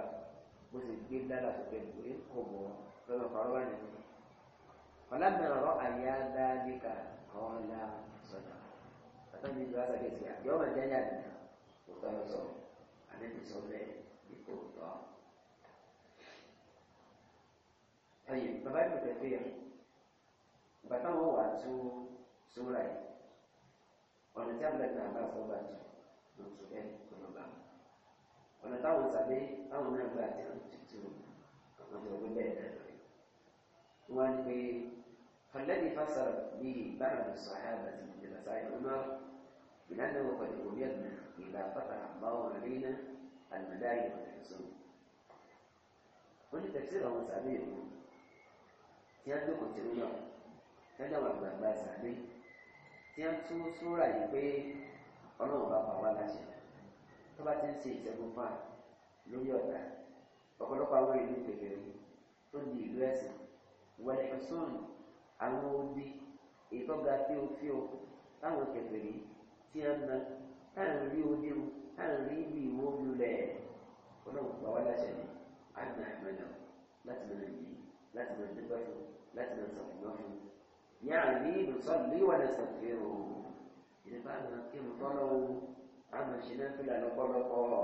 bó ṣe gbé dára sókè lórí kò bọ̀ lọ́nà kọ́rọ́bà nínú. ọ̀làbẹ̀rọ̀ àyà dáadéka ọ̀la sọ̀dà àtàwọn ìjọba sàkẹ́sì àjọ ọmọ ìjáyà nìkan kò tọ́ lọ sọ àdéhùn sọ bẹ́ẹ̀ ní kò tọ́. ẹyìn bàbá ìpètè fi hàn ìgbà táwọn wà tó sóra yìí ọ̀nà tí àbúrò náà bá fọ́ bàtú lóṣù ẹ̀ kọ́nà bàbá ọ̀nà táwọn tàbí táwọn náà gbà jẹ́ tutù àwọn ọmọ ìwé bẹ́ẹ̀ náà rẹ̀. wọ́n pe fọlẹ́ni fásitì bí báyìí sọ̀hẹ́ àbàtì ìjọba sáyẹn ọmọ ìlànà ọkọ̀ ìdìbò bí ẹ̀dùn ìgbà pátá àbáwọn àríyìn àlùmọ̀dáyì ọ̀tẹ̀sọ̀. wọ́n ní tẹ̀sí àwọn tàbí ìlú tí a dókòó ti lọ lọ́dọ̀ wà gbàgbà tàbí tí a tún súnra yìí pé ọlọ́run bá pa wá láṣẹ tó bá ti ń ṣe ìṣẹ́gun fún à lórí ọ̀tá ọ̀pọ̀lọpọ̀ àwọn ìlú kékeré tó di ìlú ẹ̀sìn wọlé ọ̀sán àwọn odi ìtọ́ga fíofío táwọn kékeré tí a na táwọn rí odi mu táwọn rí ibi ìwó lulẹ̀ ọlọ́run pa wá láṣẹ ni a nà àmàlà láti máa yí láti máa dúpẹ́ fún láti máa sàfihàn fún ní ìlú sọ́ọ̀lù ìwà náà sàfihàn òun ìdíbà náà kí n tọ́lọ́ òun a máa ṣe náà fìlà máa tọrọ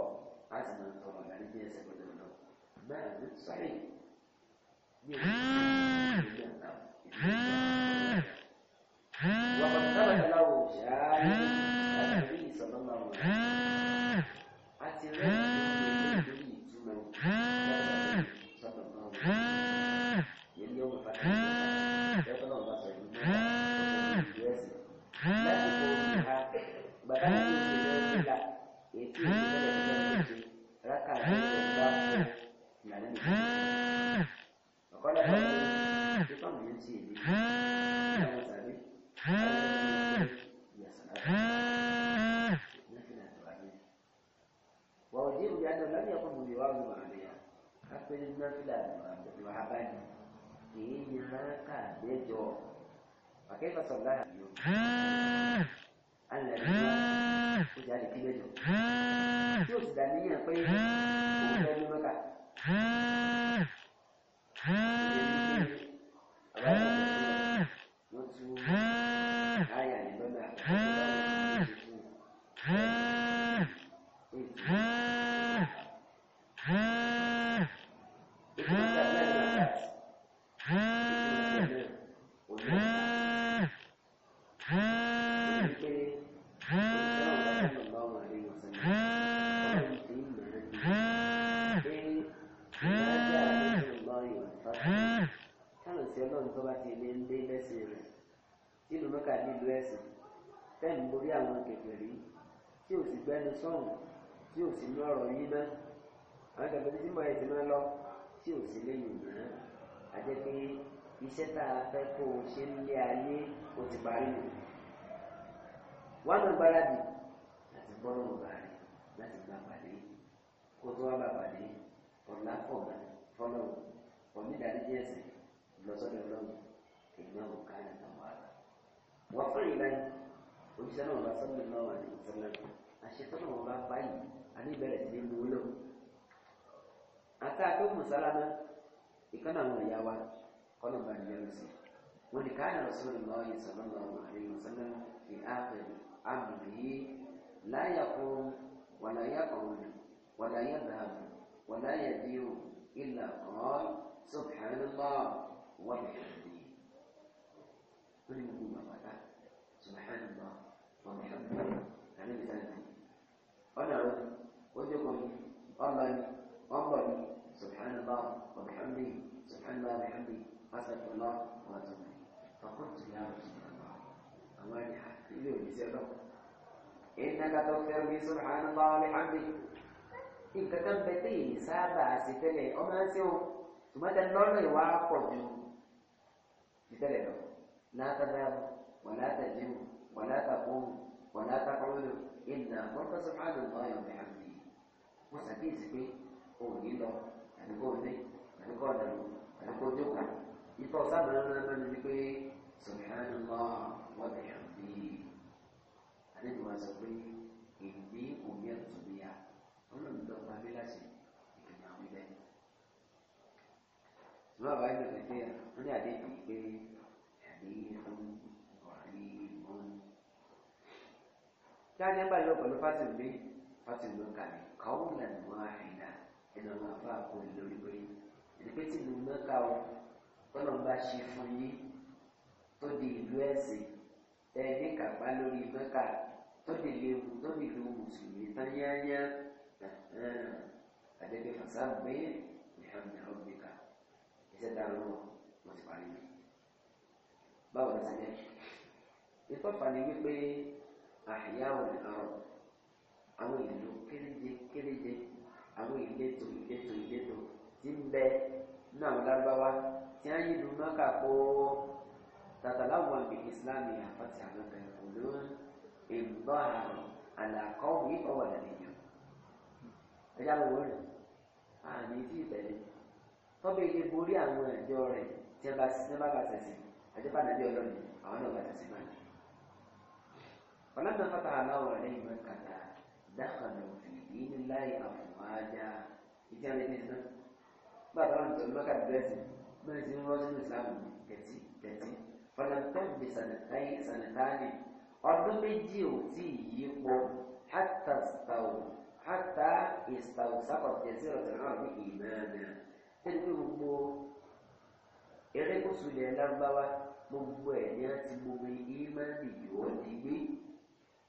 àdáni jẹ́ ẹsẹ̀ gbọdọ̀ lọ bẹ́ẹ̀ ló sọ́yìn ní ìlú ìlú àná ìlú ìlú ければそ lákọ̀ọ́gbà fọlọ́wọ́ onídàájí ẹ̀sìn lọ́sọ́dọ̀ lọ́wọ́ ìgbà òkà àtàwọn àrà. wọ́n fún ìlànà òjíṣẹ́ náà bá sọ́dọ̀ lọ́wọ́ àti ìṣẹ́lẹ̀ àṣetọ́nà wọn bá pa yìí aníbẹ̀rẹ̀ sí ní wúlò. àtà tó mùsálámà ìkànnà àwọn ìyá wa kọ́nà bá ní ẹrù sí. wọ́n ní káyà lọ́sọ́dọ̀ lọ́wọ́ ìṣẹ́lẹ̀ lọ́wọ́ àti ìṣẹ́lẹ̀ ní àpẹẹrẹ àmì yìí láyà kún wàlàyà kọ̀ọ̀nù wàlàyà dàbù ولا يدير إلا قال سبحان الله وبحمده كل يقول مقالة سبحان الله وبحمده يعني بذلك أنا ودكم الله أمري سبحان الله وبحمده سبحان الله وبحمده أسأل الله وأتوب إليه فقلت يا رسول الله الله يحفظك إنك تغفر لي سبحان الله وبحمده nǹkan kan bẹ tí yìí sábà àti tẹ́lẹ̀ ọmọ ẹ ṣeun ṣùgbọ́n tẹ lọ́nà ìwà pọ̀ ju ìtẹ́lẹ̀ lọ látàdá wà látàjú wà látàkó wà látàkọ́lù ìlà bọ́tà sọ́kàlù náà yọ̀ bẹ́ẹ̀ àmì wọ́n ṣàkíyèsí pé o lọ àdúgbò ní àdúgbò ọ̀dàlù àdúgbò jókòó ìtọ́ sábà náà máa ń di pé sọ̀kàlù náà wọ́n bẹ̀ẹ̀ àmì àdéhùn wa sọ pé ìdí òmìnir ọlọ́run lọ pa dé láti ìpìlẹ̀ àwọn ilẹ̀ ìwọ àbá ìlú nàìjíríà wọn ní àdéhùn pé àdéhùn buhari wọn. tí a ní bá yọ pẹ̀lú fásitì mi fásitì ló ń káwọn ń lànà wọn àìlà ẹnu àwọn àbá àkóyè lórí pé ẹnìpẹ́ tí mo mọ́ ká o kọ́nà bá ṣe fún yín tó di ìlú ẹ̀sìn ẹ̀ ní kàpá lórí mẹ́kà tó di ìlú mùsùlùmí tán yáyá. na fasábẹ́ ìhàmì ọ̀gbìkà iṣẹ́ tá ahụ lọ wọ́n ti parí mi. báwo ni sẹ́yìn ìtọ́fà ahụ wípé ahụ àrùn àwọn ìlú kéréje kéréje àwọn ìletò ahụ ìletò ti ń bẹ ní àwọn lágbáwá tí a yìí ẹ̀yà wò rẹ̀ àní tí ìtẹ̀lé tọ́bẹ̀ ilé borí àwọn ẹ̀jọ́ rẹ̀ tí ẹ bá ṣiṣẹ́ bá bàtẹ̀ sí àjẹpà nàbí ọlọ́ni àwọn náà bàtẹ̀ sí báyìí. ọlọ́dún fata aláwọ̀ rẹ̀ ìmọ̀ kàtà dákàlù fìdí níláyà àfọwájá ìdí àwọn ẹni náà bàbá wọn tó lọ́kà dírẹ́sì bẹ́ẹ̀ tí wọ́n sínú ìsìlámù kẹtí kẹtí fọlọ́ntẹ́ǹdì sànàtáyì ọdún méjì ò tí ì yípo hátàstàwò حتى استوثقت جزيرة العرب إيمانا تنقل بو إغيق سلي الأربعة مبوينات مبوي إيمان يودي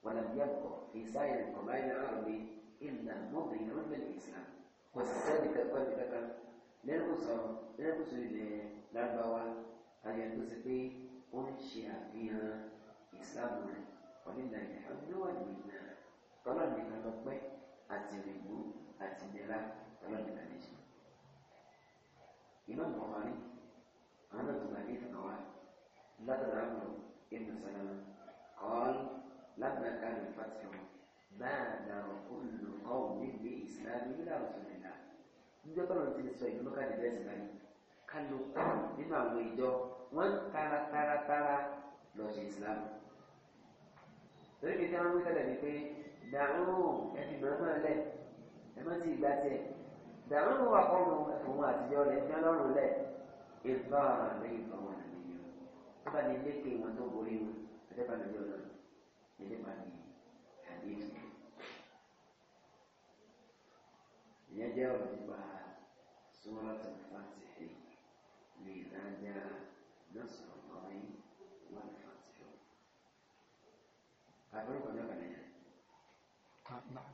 ولم يبقى في سائر القبائل العربي إلا مضي بالإسلام والسابق القلب لك للقصر للقصر الأربعة أن يتصفي أنشئ فيها إسلام ولله الحمد والمنة قال لك الأطباء àti ìrìgbó àti ìdẹ́ra ọlọ́run náà lè ṣe. ìmọ̀ àwọn ọmọdé àwọn náà tó máa ní ìfọ̀nà wa látara àmọ̀ ìlú sàlámà kọ́ọ́lù látara káàdì fàtìmọ̀ máa dàrọ̀ olùkọ́ nílé ìsìlámù nílà òṣèlú níjọ́ tọ́lọ̀ ti sọ ìlú káàdì bẹ́ẹ̀ sì báyìí kálukú nínú àwọn ìjọ wọ́n tara tara tara lọ sí ìsìlámù. lórí kejì àwọn wíkẹ́lẹ̀ ni pé dàrúhù ẹ̀fì mọ̀ọ́mọ́ lẹ̀ ẹ̀mọ́ ti ìgbà tiẹ̀ dàrúhù àkọ́nù ẹ̀fọ̀n àtijọ́ rẹ̀ fi ọlọ́run lẹ̀ ìfọ̀ àmì ìfọ̀ wọn àmìyàn ó bá ní lékè wọn tó borí wọn ẹ̀dẹ́gbà lójú ọ̀nà ẹ̀dẹ́gbà ní àdéhùn. ìyẹn jẹ́ ọ̀rọ̀ nípa sọ́ọ́rọ́ tó fàtìhì ní ìdájá lọ́sọ̀rọ̀ lọ́yìn wọn fàtìhì. àbúrò kan náà kàn نعم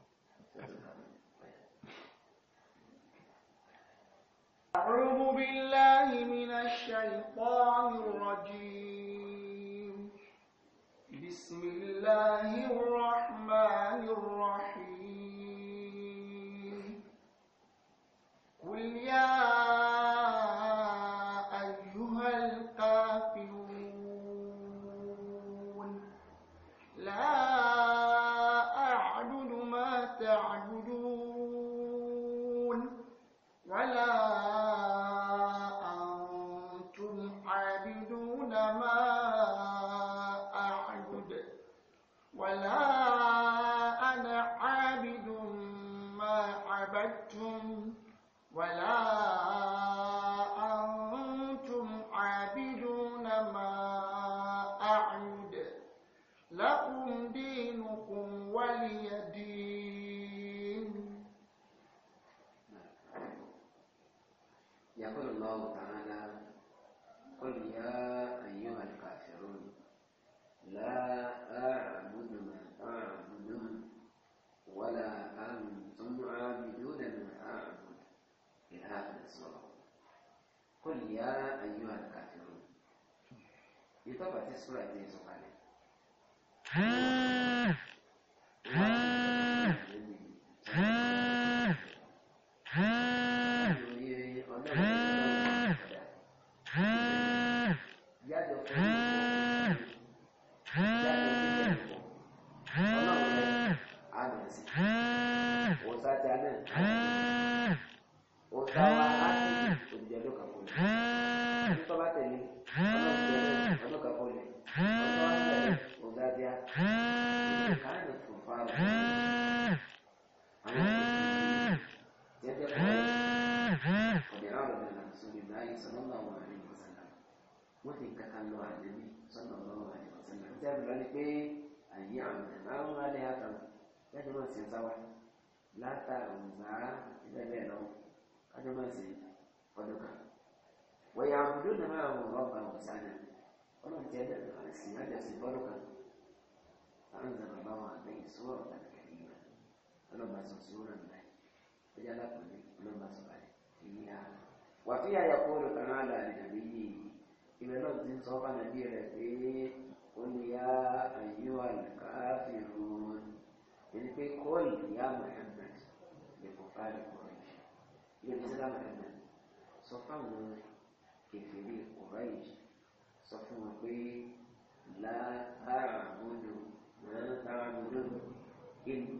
أعوذ بالله من الشيطان الرجيم بسم الله الرحمن الرحيم قل يا 不如。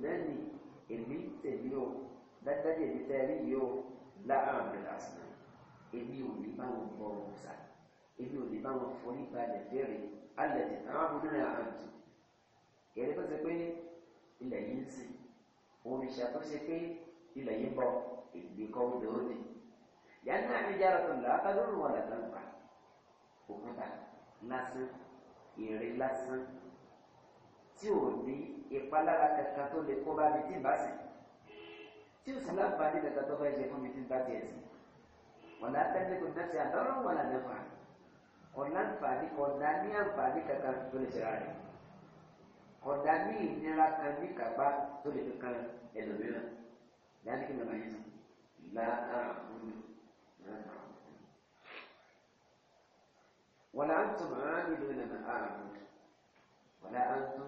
lẹ́nu èmi tèmi o dájúdájú èmi tẹ́ rí yìí o láàrín àbẹ̀rẹ̀ àsìnà èmi ò ní báwọn bọ òòsà èmi ò ní báwọn forí balẹ̀ bẹ̀rẹ̀ alẹ̀ tí àwọn abúlé àǹtù kẹ̀lẹ́ tó ṣe pé ilẹ̀ yìí ń sìn òrìṣà tó ṣe pé ilẹ̀ yìí ń bọ̀ èmi kọ́ ń lò ó ní. yàrá tó là á lórí wọn làtà ń pa òkúta lásán ìrìn lásán tí ò ní ìpalára kankan tó lè kó bá mi tí bá sì tí ó sì láǹfààní kankan tó fẹ́ ṣe fún mi tí bá tiẹ̀ sí wọn náà tẹ́lẹ̀ kò náà ti àdọ́rọ̀ wọn là mẹ́fà ọ̀nà àǹfààní ọ̀nà ní àǹfààní kankan tó lè ṣe rárẹ̀ ọ̀nà ní ìnira kan ní kàgbá tó lè fi kan ẹlòmíràn láti kí nàbàyé sùn láàárọ̀ ولا أنتم عاملون ما أعبد ولا أنتم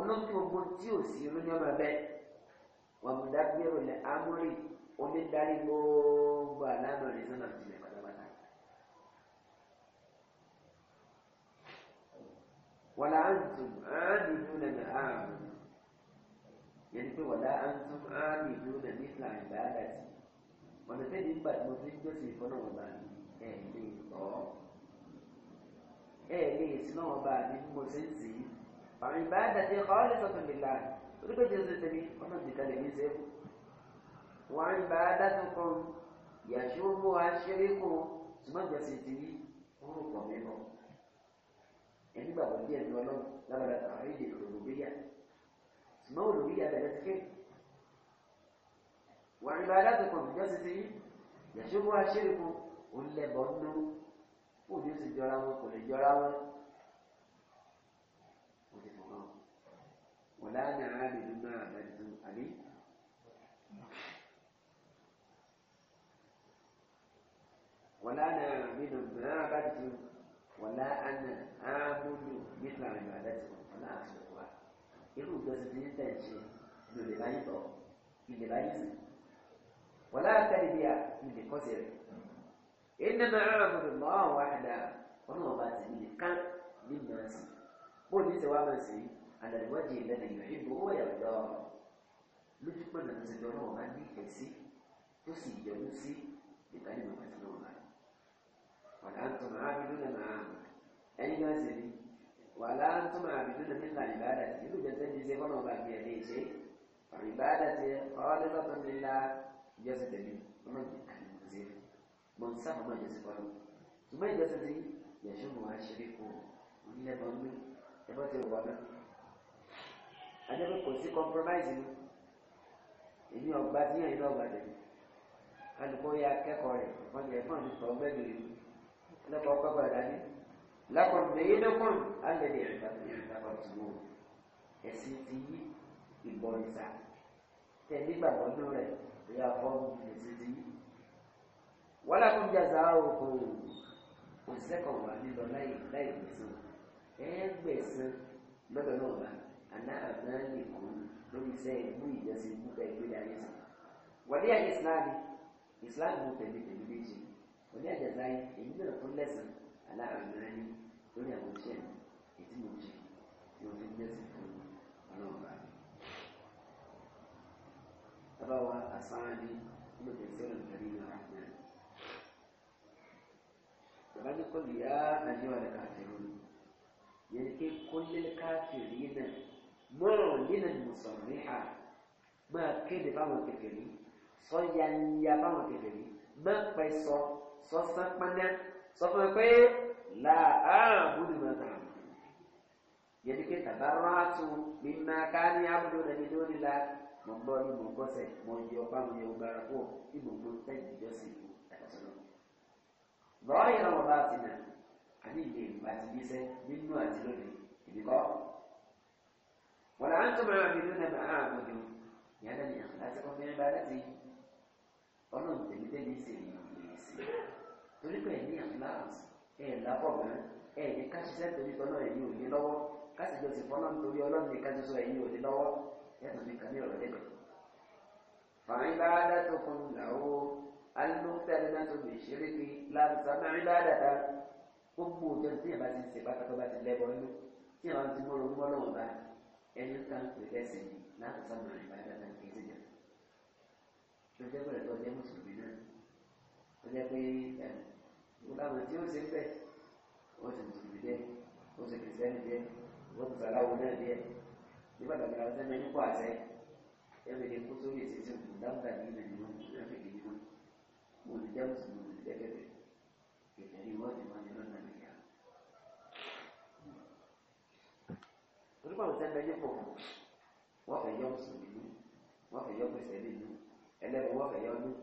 olóńtí ogun tí ò sí irú ní ọmọ bẹ́ẹ̀ wọ́n mú dábìrò lẹ̀ ámúrì onídàárí gbogbo àlànà rẹ̀ sọ́nà ìjìnlẹ̀ pátápátá. wàlá àǹtùm áàdìdú nàmì ààrùn yẹn pé wàlá àǹtùm áàdìdú nàmì ìlà ìbáàdàtì ọ̀nà tẹ́lẹ̀ nígbà tí mo fi ń gbèsè ìfọ́nà wọn bá mi ẹ̀ lè tọ́ ẹ̀ lè sinú wọn bá mi bí mo ṣe ń sìn í àwọn ìbáàdà tí kọ́ lè sọ̀tún nílá torí pé jésù tẹ̀lé ọmọ ìdíkalẹ̀ ní sẹ́kù wọ́n ń bá dákun kan yàtí ó mú aṣẹ́rí kù ṣùgbọ́n jẹ́sì ti rí wọ́n rò pọ̀ mẹ́mọ́ ẹni gbàgbọ́ díẹ̀ ní ọlọ́run lábàrá àwọn èdè olùgbéyà ṣùgbọ́n olùgbéyà bẹ̀rẹ̀ ti ké wọ́n ń bá dákun kan jẹ́sì ti rí yàtí ó mú aṣẹ́rí kù ó lẹ́bọ̀ nínú ولا نعابد ما عبدتم عليه ولا نعبد ما عبدتم ولا أنا أعبد مثل عبادتكم ولا أشركها irú ìjọsìn ní tẹ̀sí lòlè láyé tọ̀ ilé láyé sí wọ́n láà tẹ̀lé bí i ilé kọ́sẹ̀ rẹ̀ èyí náà máa rán àbúrò lọ́wọ́ àwọn àdá wọn náà bá ti ní kán ní màá sí bó ní sẹ́wàá máa sí yìí على الوجه الذي يحبه ويرضاه lójú pẹ̀lú tó ti lọ náà bá ní ìfẹ́ sí tó sì yọnu sí ìdánimọ̀ àti náà bá wàlá ń tún máa bínú lẹ́nu àmì ẹni náà sì ni wàlá ń tún máa bínú lẹ́nu nípa ìbáàdà tí nínú ìjọba ẹni ṣe kọ́nà ọba àgbẹ̀ ẹ̀dẹ́ ìṣe àwọn ìbáàdà tí ọ̀rọ̀ lẹ́nu tó ní la ìjọsìn tẹ̀lé ọmọ ìgbà kan ní ṣe mọ ní sáfà máa jọ sí kọ́nà ṣùgbọ́n ìjọsìn tí yẹ̀ṣọ́ mọ̀ wá ṣeré kù onílẹ̀ bọ́ ní ẹgbẹ́ tí ò adébẹ́ kò sí compromise ni èmi ọgbà tí yàn yín lọ́gbà dẹ̀bi kálukó yà kẹ́kọ̀ọ́ rẹ̀ wọ́n ti ẹ̀fọ́n ti tọ́ gbẹ́gbẹ́ yìí lọ́kọ̀ ọkọ̀ gbàdá ní lákọ̀ọ́dún èyí lọ́kọ̀ọ́n alẹ́dẹ̀ ìrìnàkọ̀tìmọ̀ ẹ̀sìn ti yí ìbọ̀nìṣà tẹ̀ nígbàgbọ́ nínú rẹ̀ ìyá ọkọ̀ ẹ̀sìn ti yí. wọ́n lákùn jàzá òkò òṣìṣẹ́ wà nílọ láì gbẹ̀sán ẹ̀ gbẹ̀sán lọ́dọ̀ náà báyìí aláàbáyé kò lórí iṣẹ́ ìlú ìjọsìn gbúgbà ìgbéra ayé sàn. wọlé ayé islámi Islam mo tẹ̀lé tẹ̀lé méjì wọlé àjàzá èyí náà tó lẹ́sàn aláàbáyé lórí àwọn iṣẹ́ ètí mo jì tí mo fi ń jẹ́sìn fún ọlọ́run bá mi. bàbá wa àsáájú ló tẹ̀ sí ọ̀nà ìgbàlè ìlú àgbà. bàbá ní kọ́lù yá àjẹwà lẹ́ka àtẹ̀rọ̀ yẹn ké kólé káàkiri náà mu'linan musarrihan máa kéde fáwọn kèfèrí sọ yanya fáwọn kèfèrí máa pẹ́ sọ sọ sápáná sọ fún mi pé làábùdù máa tà mí. yẹni pé tabaratu mímá ká ní abúlé rẹ̀ nínú nílá mọ̀ gbọ́ ní mọ̀ gbọ́sẹ̀ mọ̀ yọ fáwọn yẹn gbára pọ̀ ní mọ̀ gbọ́ tẹ́jú jọ́sìn ìtàkàsọ́nà. lọ́ọ̀yìn náà bá ti nà ولا أنتم عابدون ما أعبد لأنني أخلصكم من عبادتي ọlọ́run tèmi tẹ́lẹ̀ ṣe èèyàn lè ṣe torí pé ẹ̀ní àfúláàsì ẹ̀ lápọ̀ mọ́ ẹ̀ ní káṣíṣẹ́ torí tọ́nà ẹ̀yìn òní lọ́wọ́ káṣíjọ sì fọ́nà nítorí ọlọ́run ní káṣíṣọ ẹ̀yìn òní lọ́wọ́ yàtọ̀ ní kàmí ọ̀rọ̀ lẹ́gbẹ̀ẹ́. fàáyín bá dàtọ̀ fún làwọ̀ alóńtẹ́ alẹ́nàtò lè ṣeré pé láǹtà máa bá dàtà gbogbo òjò tí yàrá ti ṣe bá ẹni tá à ń pè lẹ́sìn láti sábà rìn bá dáadáa kì ti jà tó jẹ́ pẹ̀lú tó jẹ́ mùsùlùmí náà tó jẹ́ pé gbogbo àwọn tí ó ṣe ń bẹ̀ ó ṣe mùsùlùmí jẹ́ ó ṣe kìrìsìtẹ́nì jẹ́ ó ṣe sàláwo náà jẹ́ nígbà tó kìlá ọ̀sẹ̀ mẹ́rin kó àṣẹ ẹ̀mí ni kó sórí èsì sí òkú dáńgá ní ilẹ̀ nínú ẹ̀fẹ̀ kìíní mo lè jẹ́ mùsùlùmí pọ̀ tẹ́lẹ̀ nípò wọ́n fẹ́ yọ mùsùlùmí wọ́n fẹ́ yọ pẹ̀sẹ̀ nínú ẹlẹ́bùn wọ́n fẹ́ yọ ọdún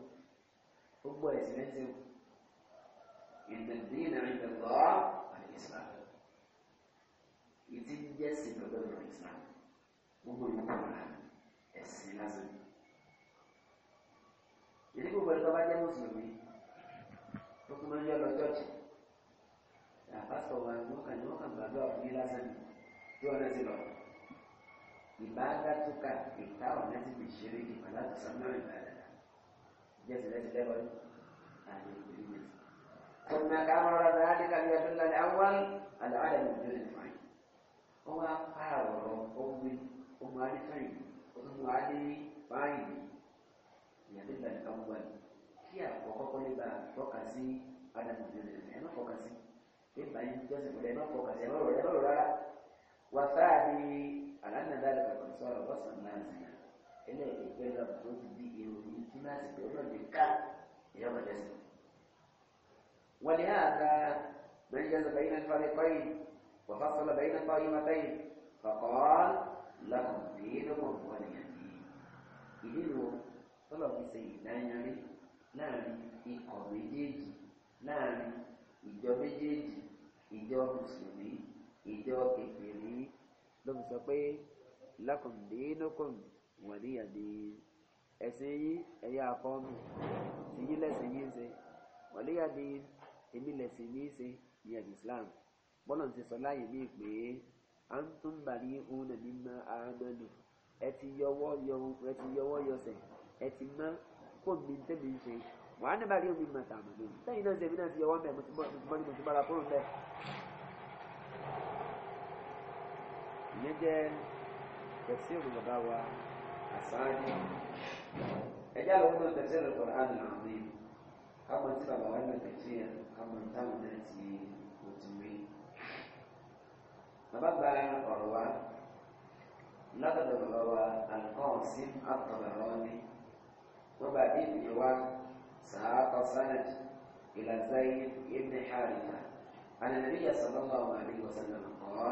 gbogbo ẹ̀sìn lẹ́sẹ̀ o ìdàgbéyìn náà ìdàgbọ́ àti Islam ìdí jẹ́ sí lọ́dọ̀ lọ Islam gbogbo ìlú wà ẹ̀sìn lásán ìdí gbogbo ẹ̀dọ́ bá jẹ́ mùsùlùmí tó kún máa ń yọ lọ àpásọ̀ wa wọ́n kàn ní wọ́n kàn gbàdúrà fún yín lásán nìyí tí ọ̀nà ti lọ ìbáadá tó ka ìta ọ̀nà ti fi ṣeré ìbàdà tó sọ náà ìbàdà jẹ́sìlẹ́sìlẹ́ wọn àti ìbílẹ̀ ọ̀nà kámọ́ra náà ní kàbí ọdún lálẹ́ àwọn àlàáda ní ìdílé ní fún wọn wá pààrọ̀ ọ̀wé ọmọ adéfẹ́yìn ọmọ adé báyìí ìyàtí ìbàdà kan wà kí àkọ́kọ́ kọ́lé bá tọ́ka sí adamu ìdílé ẹ̀ má fọ́ka sí ẹ̀ báyìí وثاني على أن ذلك قد صار وصفا لازما إلا يتكلم بصوت الدين والتماس بأمر الكعب يوم الجزم ولهذا ميز بين الفريقين وفصل بين القائمتين فقال لهم دينهم ولي دين ìdílò tọ́lọ̀ fi ṣe ìdáyanrí láàrin ikọ̀ méjèèjì láàrin ìjọ méjèèjì ìjọ kẹfìrí ló fi sọ pé lakum dinukum waliya din ẹ̀sìn yín ẹ̀yà àfọ́nù sí yín lẹ́sìn yín ṣe waliya din èmi lẹ́sìn yín ṣe ní ẹ̀dì Islam bọ́lá ti sọ láyé mí pé à ń tún bàrí òun nàbí mọ àádọ́ ni ẹ ti yọwọ́ yọsẹ̀ ẹ ti mọ́ kó mi tẹ́mi ń ṣe wàá ní bàrí òun mi mọ̀ tààmù lónìí náà ṣe èmi náà ti yọwọ́ mẹ́ mo ti bọ́ ní mo ti bára fóun bẹ́ẹ̀. ìyẹn jẹ́ tẹ̀síìrù bàbá wa àsáájú ẹjẹ́ àwọn ọmọ tẹ̀síìrù kọ̀ọ̀rọ̀ àdùn àwọn ìlú káwọn tí bàbá wa náà tẹ̀sí ẹ̀ káwọn táwọn náà ti kò ti rí bàbá gba ọ̀rọ̀ wa látọ̀dọ̀ bàbá wa àlùkọ́ọ̀ sí àtọ̀lọ̀rọ̀ ni wọ́n bá dé ìdílé wa sàátọ̀ sánàdì ìlàzáyé ibn Haritha ànàbíyà sallallahu alaihi wasallam qala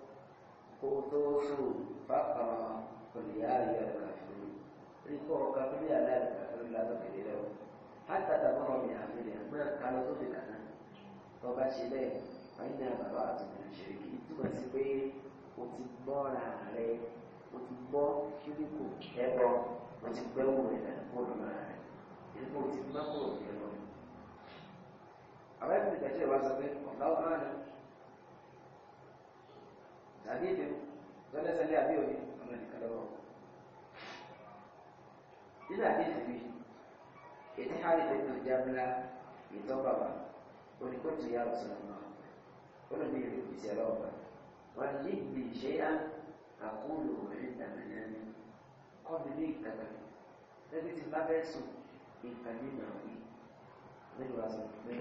kudusu fakra kuliyahi alkafiri riko kafiri alali kafiri lato kelelewa hata takono miafiri hakuna kalo zote kana toka shile faina ya bara'atu min ashiriki tuma si pé o ti bọ́ ara rẹ o ti bọ́ ṣíríkù ẹbọ o ti gbẹ́wò rẹ lẹ́kọ̀ọ́ lára rẹ ẹbọ o ti mọ́kò rẹ lọ. àwọn ẹbí ìwà sọ pé ọ̀gá ọ̀gá rẹ tàbí ìdẹ̀rù lọ́lẹ́sẹ̀lẹ́ àbí òní ọmọ nìkan lọ́wọ́ nínú àdéhùn mi ètí hàrí ìdẹ́gbẹ̀rún jábúlá ìtọ́ba wa oníkóòtù yà ọ̀sán ọmọ olùmí ìròyìn ìṣẹ̀lẹ̀ ọba wọn lé ìgbì ìṣe á àkóòlò ìdàmẹ́yà mi kọ́ mi ní ìkàkà lẹ́bí tí bá bẹ́ẹ̀ sùn nǹkan ní màá wí lẹ́nu wa sọ pé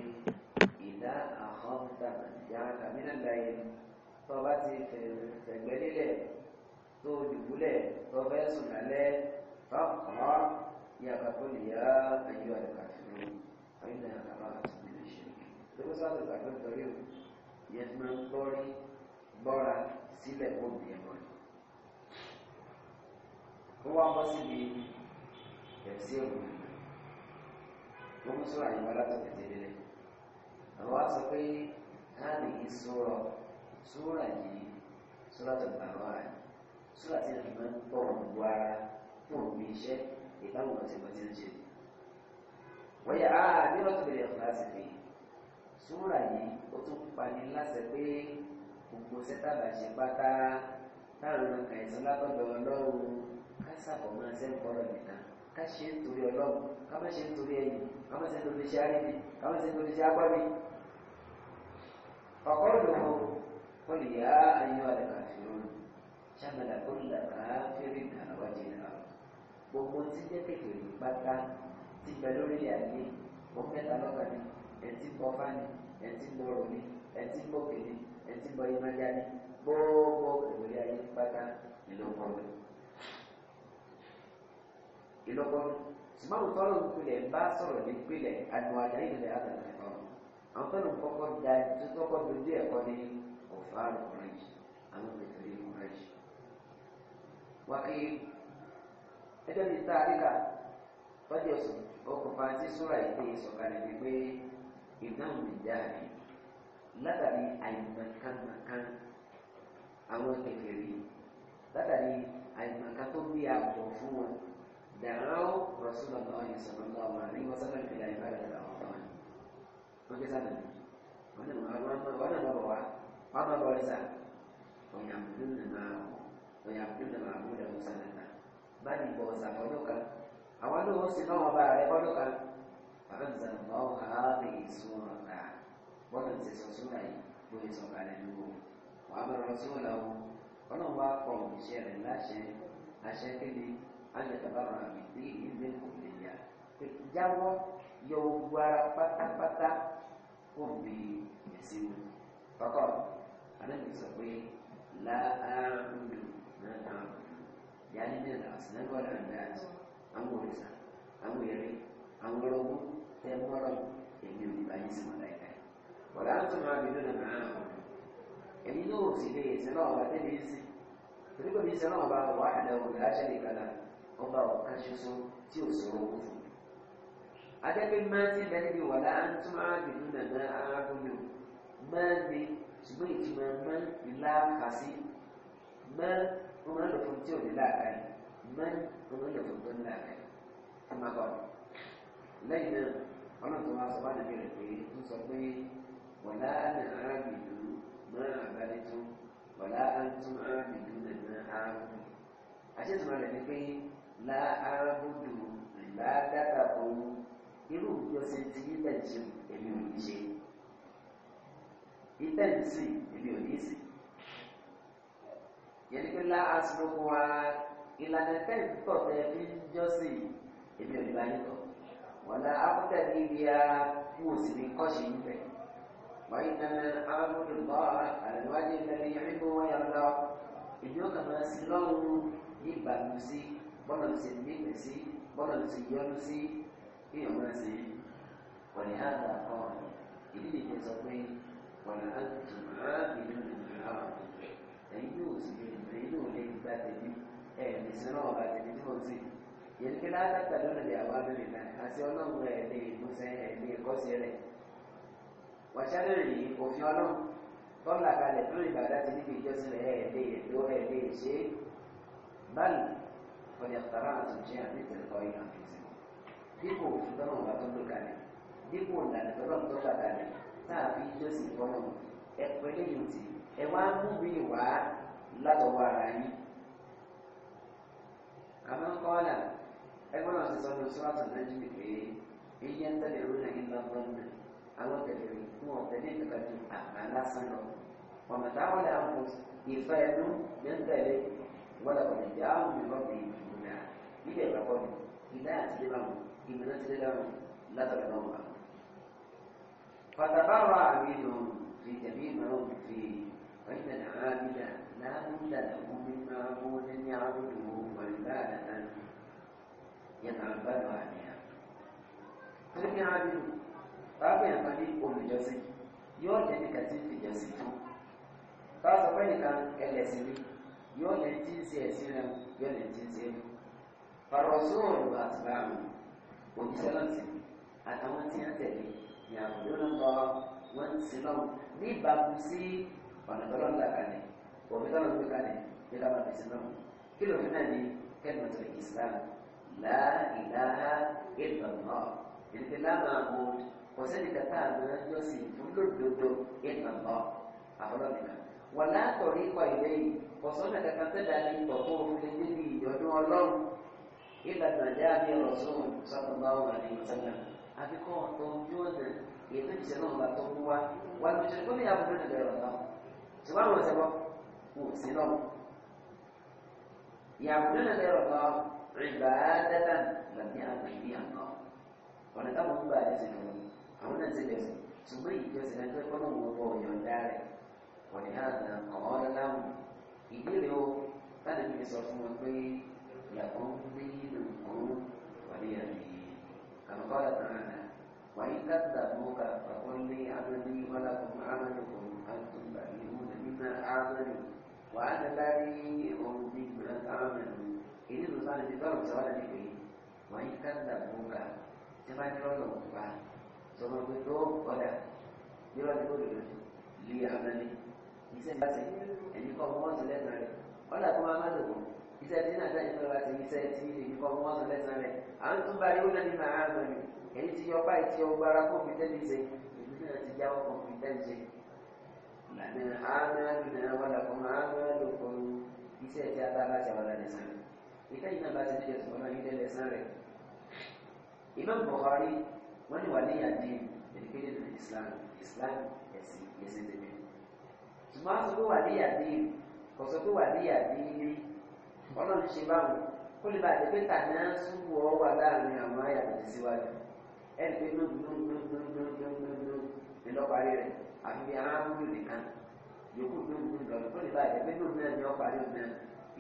ìdá àhọ́ dàgbà yàrá kàmínà láyé ni tó o bá ti fẹ̀gbẹ́ lélẹ̀ tó o dùbúlẹ̀ tó o fẹ́ sùn lálẹ́ fàkọ́ yàtọ̀ kó lè yá ayé àdàkà fún mi ayé àdàkà máa ti bí lè ṣe lókè sáà tó gbàgbé torí o yẹ ti máa ń gbọ́rí gbọ́ra sílẹ̀ kó bìí ẹ̀mọ́ ni. ó wá bọ́ síbi ẹ̀sí òun wọ́n mú sọ́ra yìí wá látọ̀ tètè lélẹ̀ àwọn á sọ pé káàdì yìí sọ̀rọ̀ súrà yìí súrà tó bá wà súrà tí a fi máa ń pọ̀ gbogbo ara fún òun iṣẹ́ ìbáwọn ọ̀tí wọn ti ń ṣe. wọ́n yà á nílò tó bẹ̀rẹ̀ fún láti fi súrà yìí ó tún pani láṣẹ pé gbogbo sẹ́tàbà ṣe pátá táwọn ọ̀nà ìtàn látọ̀dọ̀ ọlọ́run ká sàbọ̀ máa ṣe ń kọ́rọ̀ nìkan ká ṣe ń torí ọlọ́run ká má ṣe ń torí ẹ̀yìn ká má ṣe ń torí قل يا أيها الكافرون شمل كل كافر على وجه الأرض gbogbo tí jẹ́ kékeré pátá ti bẹ lórí ayé òmẹ́ta lọ́kàn ni ẹtí bọ́fá ni ẹtí bọ́rọ̀ ni ẹtí bọ́kè ni ẹtí bọ́ imájá ni gbogbo ìwòye ayé pátá ìlọ́kọ̀ọ́lù. ìlọ́kọ̀ọ́lù sùmọ́rù tọ́lọ̀ ń pilẹ̀ bá sọ̀rọ̀ ní pilẹ̀ àdùn àjà ìlẹ̀ àgbàlagbà àwọn tọ́lọ̀ ń kọ́kọ́ da tó kọ́kọ́ dojú ẹ̀kọ́ ni كفار قريش أمام كريم قريش وقيل ẹjọ́ ní tá a rí kà lọ́jọ́ sùn okùnfà tí sóra ìpè sọ̀kalẹ̀ ni pé ìdáhùn ìjà rẹ̀ látàrí àìmọ̀kánmọ̀kán àwọn kékeré látàrí àìmọ̀kán tó bí àbọ̀ fún wọn dàrọ́ rọ̀ṣùlọ̀ náà ní sọ̀rọ̀ wọn rí wọn sọ́kàn ìpìlẹ̀ àìbára ìlà ọ̀tọ̀ wọn. wọ́n ké sáà nàbí wọn فما بولسا ويعبدون معه ويعبدون معبوده سنة بني بوسا فلوكا أولو سنوه باري فلوكا فأنزل الله هذه سورة ومن سورة بوسا قال وأمر رسوله ولو واقعوا بشير لا شيء أشكلي أن يتبرع من دينه من كلية jáwọ́ yọ gbogbo ara pátápátá kò bí ẹ̀sìn wọn. Tọ́kọ̀. anábì sọ pé láàárùndù náà náà yàrá ní ẹ̀là sinagbọ́dọ̀ àdáàjì àwọn òrìṣà àwọn èrè àwọn ọlọ́gbọ́n tẹ́ mọ́rọ̀ èmi ò ní bá yín sí wọn láìpẹ́ ọ̀rọ̀ àti máa bí lónà máa ń wọ̀ èmi yóò sì lè sẹ́nà ọ̀bà tẹ́lẹ̀ sí torí pé mi ọba ọ̀kan ti ṣùgbọ́n ìtumọ̀ mọ́ ìlà kàṣí mọ́ ọmọ ẹlòfún tí ò ní làákà yìí mọ́ ọmọ ẹlòfún tó ní làákà yìí ẹ má bọ̀ lẹ́yìn náà ọlọ́run tó wá sọ wá nàbí rẹ̀ pé ń sọ pé wọ̀lá ní arábìlú mọ́ àbálẹ́tò wọ̀lá àǹtún arábìlú nàná ààrùn àṣetùmọ̀ rẹ̀ ni pé lá arábùdù lá dábàbò irú ìjọsìn tí ilẹ̀ ṣe èmi ò ní ṣe ìtẹ̀lù sí èmi ò ní sí yẹn ni pé lá aṣọ́kù wa ìlànà tẹ́ǹtì tọ̀ tẹ́ fi ń jọ́ sí èmi ò ní bá yín tọ̀ wọ́n lá akọ́tẹ̀ ní ibi a kú òsì ní kọ́ọ̀ṣì ń bẹ̀ wọ́n yìí nana amúlò bọ́ àlùwájú ìlẹ̀lẹ̀ yẹn kó wọ́n yàn lọ ìjọ kan máa sí lọ́hùn ní ìbàlù sí bọ́ọ̀lù sí nígbè sí bọ́ọ̀lù sí yọnu sí bí ìyọ̀mọ́ sí wọ́n ní àgbà kan ìdí nìkan sọ pé wàlá àtùtù ààbìnú ìhà ẹ̀yin yóò sì lè ẹ̀yin yóò lè gba tèmi ẹ̀ lè sin náà ọba tèmi tí mo ti yẹn kí ládàtà lónìí lè àwọn abẹ́rẹ́ náà àti ọlọ́run ẹ̀ lè musa ẹ̀ lè kọ́sí rẹ̀ wàṣálẹ̀rì òfin ọlọ́run tọ́lá kalẹ̀ lórí ìbàdà ti níbi ìjọsìn ẹ̀ lè ètò ẹ̀ lè ṣe báyìí ọ̀dẹ̀ àtàrà àtúnṣe àti ìtẹ̀lẹ́kọ̀ọ́ yìí àfihàn dípò òfin tọ́lá táàbí jọ́sìn fọ́nà ẹ pẹ̀lú èyí tí ẹ wá mú mi wá látọwọ́ ara yín. àmọ́ kọ́lá ẹgbẹ́ náà ti sọ ní oṣù àtọ̀ náà jíjì pé iye ń tẹ̀lé orí náà ńlá gbọ́nà àwọn tẹ̀lé rí fún ọ̀tẹ̀ ní ìtọ́ka ní àgbà lásán lọ. ọ̀nà táwọn lè àwọn ìfẹ́ ẹnu ní ń tẹ̀lé wọ́lá wọ̀lá ìjà àwọn ìlú ọ̀gbìn ìgbìmọ̀ náà níbẹ̀ ìgbàgbọ́ mi ìdá àtìlẹ́bàmù ìgbìmọ̀ náà ti lé lọ́rùn látọ̀rọ̀ náà فتبرع منهم في جميع ما هم فيه فإن العابد لا بد له من معبود يعبده وعبادة يتعبد عليها فإن عابد báwo yẹn kan ní olùjọsìn yóò lé nìkan tí ń fi jọsìn fún bá a sọ pé nìkan ẹlẹ́sìn ni yóò lé tí ń ṣe ẹ̀sìn rẹ yóò lé tí ń ṣe é fún. farosóòrò àtìbáàmù òjíṣẹ́ lọ́sìn àtàwọn tí wọ́n tẹ̀lé يعبدون الله وانسلوا نبقى مسي ونقول الله كان ومثال الله كان بلا ما نسلم كل هنا دي كلمة الإسلام لا إله إلا الله إنت لا معبود وسنك تابع يوسف فلو إلا الله أخبرنا ولا طريق إليه وصلنا كتبت عليه تقوم لديه يدعو الله إلا ما جاء به الرسول صلى الله عليه وسلم àfi kọ́ ọ̀tọ̀ ojú ọ̀nà èyí tó ìṣẹ̀lẹ̀ ọ̀gbà tó ń wá wá ní oṣù tó ní ìyàwó lónìí bẹ̀rẹ̀ ọ̀nà ṣùgbọ́n àwọn ọ̀sẹ̀ bọ́ kò sí náà ìyàwó lónìí bẹ̀rẹ̀ ọ̀nà rìbá dẹ́tà gbàgbé àwọn ìbí àná ọ̀nà táwọn ń gbà ẹ̀sìn lọ àwọn náà ti bẹ̀rẹ̀ ṣùgbọ́n ìjọsìn náà jẹ́ kọ́nà wọn bọ̀ yọ̀ǹda rẹ̀ wọ̀n ní ìdílé فقال تعالى وإن كذبوك فقل لي عملي ولكم عملكم أنتم بريئون مما أعمل وأنا بريء مما تعملون إن الإنسان بفهم سؤال نبي وإن كذبوك كما يقولون بعد ثم يقولون ولا يقولون لي عملي يسمى بس يعني فهو موت لنا ولا كما عملكم iṣẹ́ tí náà dá ìpínlẹ̀ láti iṣẹ́ tí èmi kọ́ wọ́n sọ lẹ́sàn rẹ̀ àwọn tó ń bari ó lẹ́ni máa hàn mọ́ mi èyí ti yọ báyìí tí ọgbà ara kọ̀m̀pútẹ́ mi ṣe èmi náà ti jáwọ́ kọ̀m̀pútẹ́ mi ṣe. lànà àmàlù náà wà lápò àmàlù kan iṣẹ́ tí a bá bá ṣe wọlé lẹ́sàn rẹ̀ ìkẹ́ yìí náà bá ṣe níjọ tó wọ́n yín lẹ́sàn rẹ̀. Imam Bukhari wọ́n ní wà ní yàdí educated in Islam Islam ẹ̀sìn ẹ̀sìn tẹ̀lé. ṣùgbọ́n a sọ pé wà ní yàdí kò sọ pé wà ní yàdí ní ọlọ́run ṣe báwo kó lè bàjẹ́ pé tàbí á súnwó ọ wà láàrin àwọn àyà tó ti síwájú ẹni pé gbóngbóngbóngbóngbóngbóngbó ni lọ́parí rẹ̀ àfi bí aráàlú nìkan yòókù gbóngbóngbó kó lè bàjẹ́ pé lóun náà ni ọ̀parí òun náà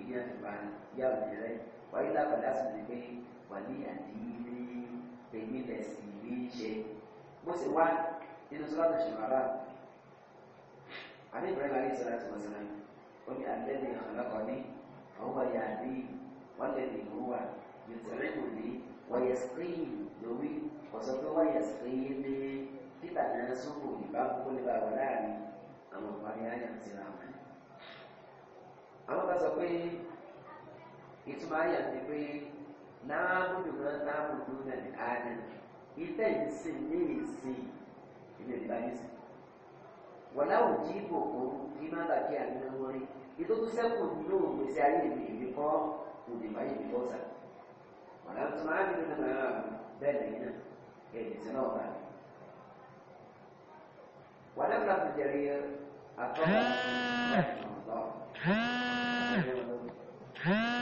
ìdí àti bàánù yá òun rẹ̀ wáyé lápàdá sùn ní pé wà ní àdìrí èmi lẹ̀ sí ní í ṣe bó ṣe wá nínú sọ́dọ̀ ṣèwárà àbí ìbúrẹ́ màá ní sọ́dọ̀ àti mọ̀sálà ó ní àbẹ́lẹ̀ ọ̀lọ́kọ̀ọ́ ní. هو يهدي والذي هو يطعمني ويسقيني لوي وسوف ويسقيني تتناسب لباب كل باب لاني أما قريان يمسلامي ndị kan na pé ìtumọ̀ ayà ni pé náàbùdù náà náàbùdù náà ní ààrẹ ilé ìsìn ní ìsìn ilé ìgbà yìí itu tuh saya pun dulu ayé ini di kọ́ òbí nah, di mi di ọ̀nà tó cuma ń gbé nínú ẹ̀rọ ini lẹ́yìn náà èyí tí náà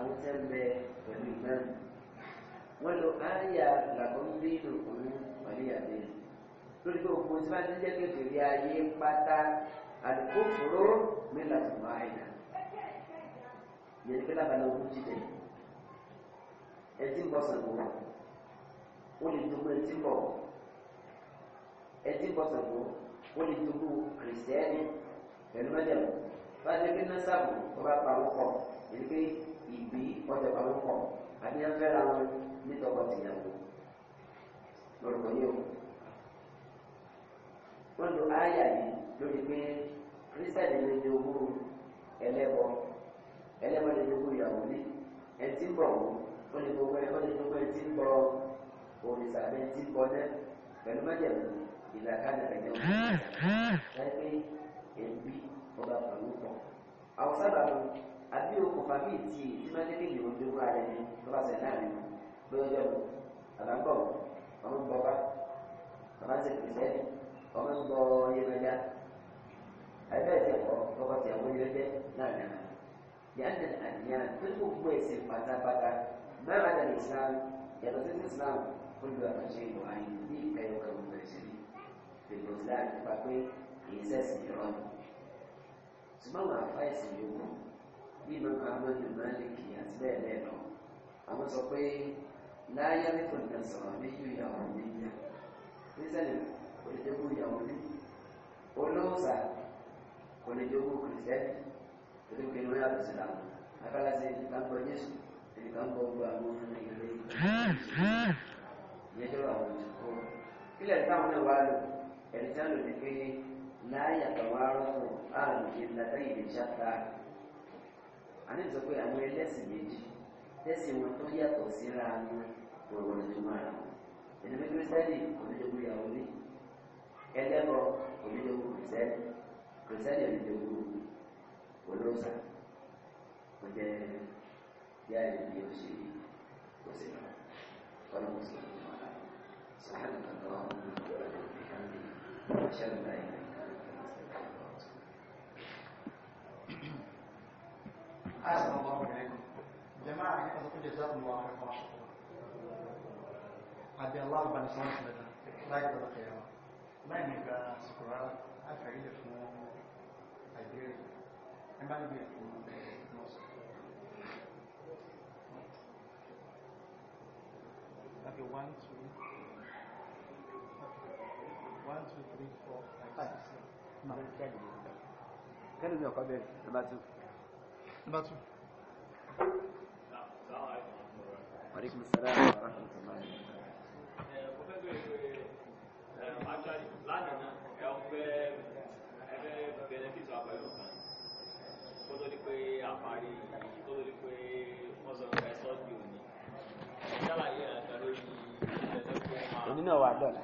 àtàwọn tẹ́ ń bẹ pẹ̀lú ìmáà wọ́n lo àyà làbọ̀ ń rí ìdòkùn pẹ̀lú ìyàdé lórí pé òkú tí wọ́n ti jẹ́ kékeré ayé pátá àdúgbò fòró mélòó àti mọ́ àyà yẹn pé lábàlá ogún jíjẹ ẹtí ń bọ̀ sàgbó ó lè dúró ẹtí ń bọ̀ ẹtí ń bọ̀ sàgbó ó lè dúró kìrìsìtẹ́nì pẹ̀lú mẹ́jọ bá ti pín náà sàgbó tó bá pa àwọn kọ̀ yẹn pé ìbí ọjà pàlọ́pọ̀ àbí wọ́n fẹ́ra wọn ní tọkọtìyàwó lórúkọ yìí o. wọ́n lo àyà yìí lórí pé kírísítàdì lè di ogún ẹlẹ́bọ ẹlẹ́bọ lè di ogún ìyàwó ní ẹni tí ń bọ̀ wò ó lè gbogbo ẹni ó lè gbogbo ẹni tí ń bọ̀ òrìṣà ẹni tí ń bọ̀ náà pẹ̀lú mẹ́jẹ̀mú ìlàkadà rẹ̀ ní ọ̀gbìn. láì pé èébì ọba pàlọ́pọ̀ àwọn sábà lọ àbí okùnfà bíi ti ìdímọ́lẹ́lẹ́ yìí ó dúró ara ẹni tó bá sẹ̀ náà nínú bóyá ọjọ́ mi bàbá ń bọ̀ ọmọ ń bọ bá bàbá ń sèkìrì sẹ́ni ọmọ ń bọ yẹlẹ́dá ẹgbẹ́ ìjẹ̀kọ́ ọkọ̀ tí àwọn yẹlẹ́dẹ́ náà nà yàtọ̀ àníyàn tó tó gbogbo ẹ̀sìn pátápátá mẹ́rin àti Islam yàtọ̀ sí Islam olùdó àtúnṣe ìlú ayé ní ìkẹyọ̀ kẹwọ́n bẹ̀rẹ̀ sí ní pẹ̀lú Islam nípa pé èyí sẹ́sìn bí ìmọ̀ àwọn ìmọ̀lẹ́kì àti bẹ́ẹ̀ bẹ́ẹ̀ lọ àwọn sọ pé láyé nípa ìdásọ̀rọ̀ méjì ìyàwó mi yá kírísítẹ́nì kò lè jogún ìyàwó mi olóòsà kò lè jogún kìrìsìtẹ́nì torí pé wọ́n yàtọ̀ sí làwọn abala ṣe ìdíkà ń bọ Jésù ìdíkà ń bọ gbogbo àwọn ọmọ ìlú ìyẹn jọ àwọn ìṣòkò kílẹ̀ táwọn náà lò ẹ̀rí tí ní pé láyé àtọ̀wárọ̀ àrùn àní sọ pé àwọn ẹlẹ́sìn méjì tẹ́sìn wọn tó yàtọ̀ síra wọn wọ́n wọlé tó máa rà wọn ẹni pé kírísítẹ́nì onídjogún yàwó ní ẹlẹ́bọ onídjogún kírísítẹ́nì kírísítẹ́nì onídjogún olóòsà kò jẹ́ yá ìdí òṣè òṣè náà wọ́n lọ́wọ́ sọ̀rọ̀ wọn sọ̀rọ̀ wọn lọ́wọ́ wọn lọ́wọ́ wọn lọ́wọ́ wọn lọ́wọ́ wọn lọ́wọ́ أحسن الله إليكم جماعة يحفظكم جزاكم الله خير وشكرا عبد الله ربنا سلام سلام لا يقبل القيامة ما يبقى سكرات الفعيل في الدير ما يبقى في مصر Okay, one, two, one, two, three, four, five, طيب. six. No. Can you do it? Can you do it? number two. Aleykum salaam wa rahmatullahi wa barakatuh. Mo fẹ́ bẹ̀rẹ̀ pé actually lánàá náà ẹ ọ̀fẹ́ ẹgbẹ́ benefit wa pẹ̀lú kan. Kó tó di pé àparí kó tó di pé wọ́n sọ ẹ̀sọ́ di òní. Ṣé àlàyé ẹ̀ka lórí ẹ̀sẹ̀ tó máa. Èmi náà wà dọ̀la.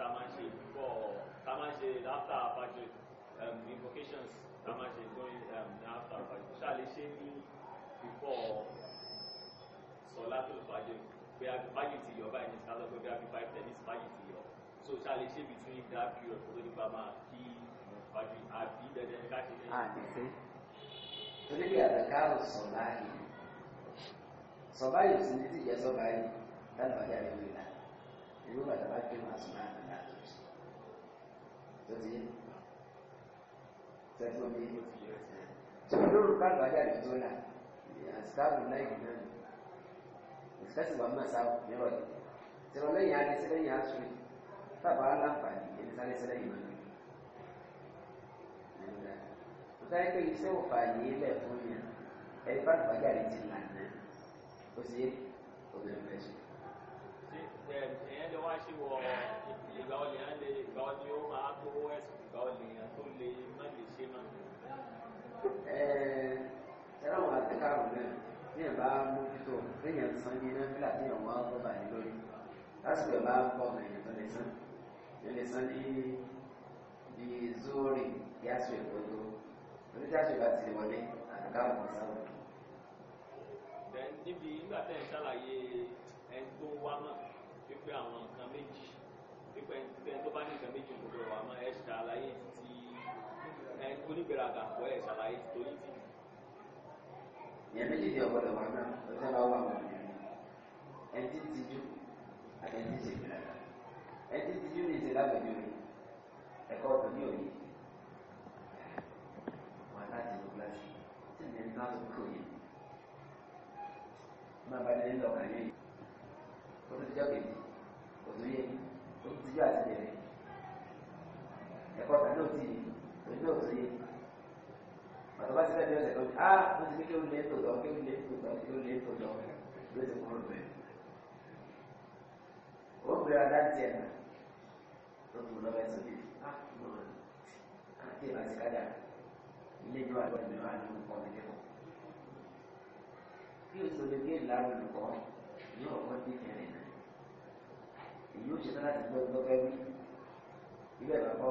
tá máa ṣe before tá máa ṣe after apartheid um, invocations tá máa ṣe during um, after apartheid ṣáà ṣe ní before sọlá tó lè pé àgbẹ̀fàájì ti yọ báyìí ní sálọ pé bí a fi ní sípàjì ti yọ so ṣáà lè ṣe between that period tó lè bá máa kí fàájì àbí dandan ká ṣe lẹ́yìn. àdìsí ah, torí bí àdàkárò sọ̀báyì sọ̀báyì ò sí ní ti jẹ́ sọ̀báyì lálùbáyà lè wí lánàá irú bàtà bá gbé màá sùn láti láti lọ sí tó ti tẹ́tí omi ó ti yọ ti náà tó lóru káàdùn ajáde tó là àtìkáàbù náà yìí náà ìfẹ́sì wà mọ́ sáà nírọ̀ yìí tẹ̀rọ lẹ́yìn alẹ́ sí lẹ́yìn aṣọ yìí tábà aláǹfààní ẹni sáré sí lẹ́yìn mọ́ni tó sáré ẹ̀yẹn lè wá ṣe wọ ìgbà ọ̀lẹ yẹn lè ìgbà ọ̀lẹ ó máa gbówó ẹ̀sìn ìgbà ọ̀lẹ yẹn tó lè má lè ṣe má. ẹ̀rọ àwọn àtẹ́kàrọ̀ náà ní ẹ̀bá mójútó lẹ́yìn san ní iná fílà tí ẹ̀wọ̀n á rọ́bà ní lórí lásìkò ẹ̀bá pọ̀ ẹ̀yìn tó lè san lè lè san ní bí zóòrè yásù ìkòtò oníjàsù ìbá ti wọlé àtẹ́kàrọ̀ kan sáwọn. níbi nígbà tẹ́ ẹ̀ ṣàlàyé ẹni tó wá náà wípé àwọn nǹkan méjì wípé ẹni tó bá ní nǹkan méjì gbogbo wa máa ẹ ṣàlàyé ti ẹni tó níbẹ̀rẹ̀ àgàpọ̀ ẹ ṣàlàyé ti torí ti. ìyẹn méjèèjì ọ̀gbọ́dọ̀ wà náà ó tẹ́ bá wà wọ̀ ẹni tí ti jù àti ẹni tí ti jù ẹni tí ti jù ní ìṣẹ̀lẹ̀ àgbẹ̀jọ́ mi ẹ̀kọ́ ọ̀dọ̀ ní òye wà láti lọ kíláàsì tí ẹni bá tó ó tún ti jẹ́ bèbí kò tún yé ó tún ti jẹ́ àti bèbí ẹ̀kọ́ tà ló ti tó ní òtún yé pàtó bá ti fẹ́ di ọ̀sẹ̀ ah, tó ní á ó ti kékeré lé tó lọ kékeré lé tó lọ kékeré lé tó lọ ló ti kúrò lóye ó gbé ara dáńtì ẹ̀ náà tó kù lọ́wọ́ ẹ̀ sókè á mọ̀ á ti bá ti ká dà ilé ìjọba àgbẹ̀ mi wà ní olùkọ́ mi lẹ́kọ̀ọ́ bí òṣèlú gé ìlànà olùkọ́ yóò kọ́ dé kẹrin náà èyí ó ṣe tán láti gbọ́ gbọ́ bẹ́ẹ̀ wí ilé ẹ̀kọ́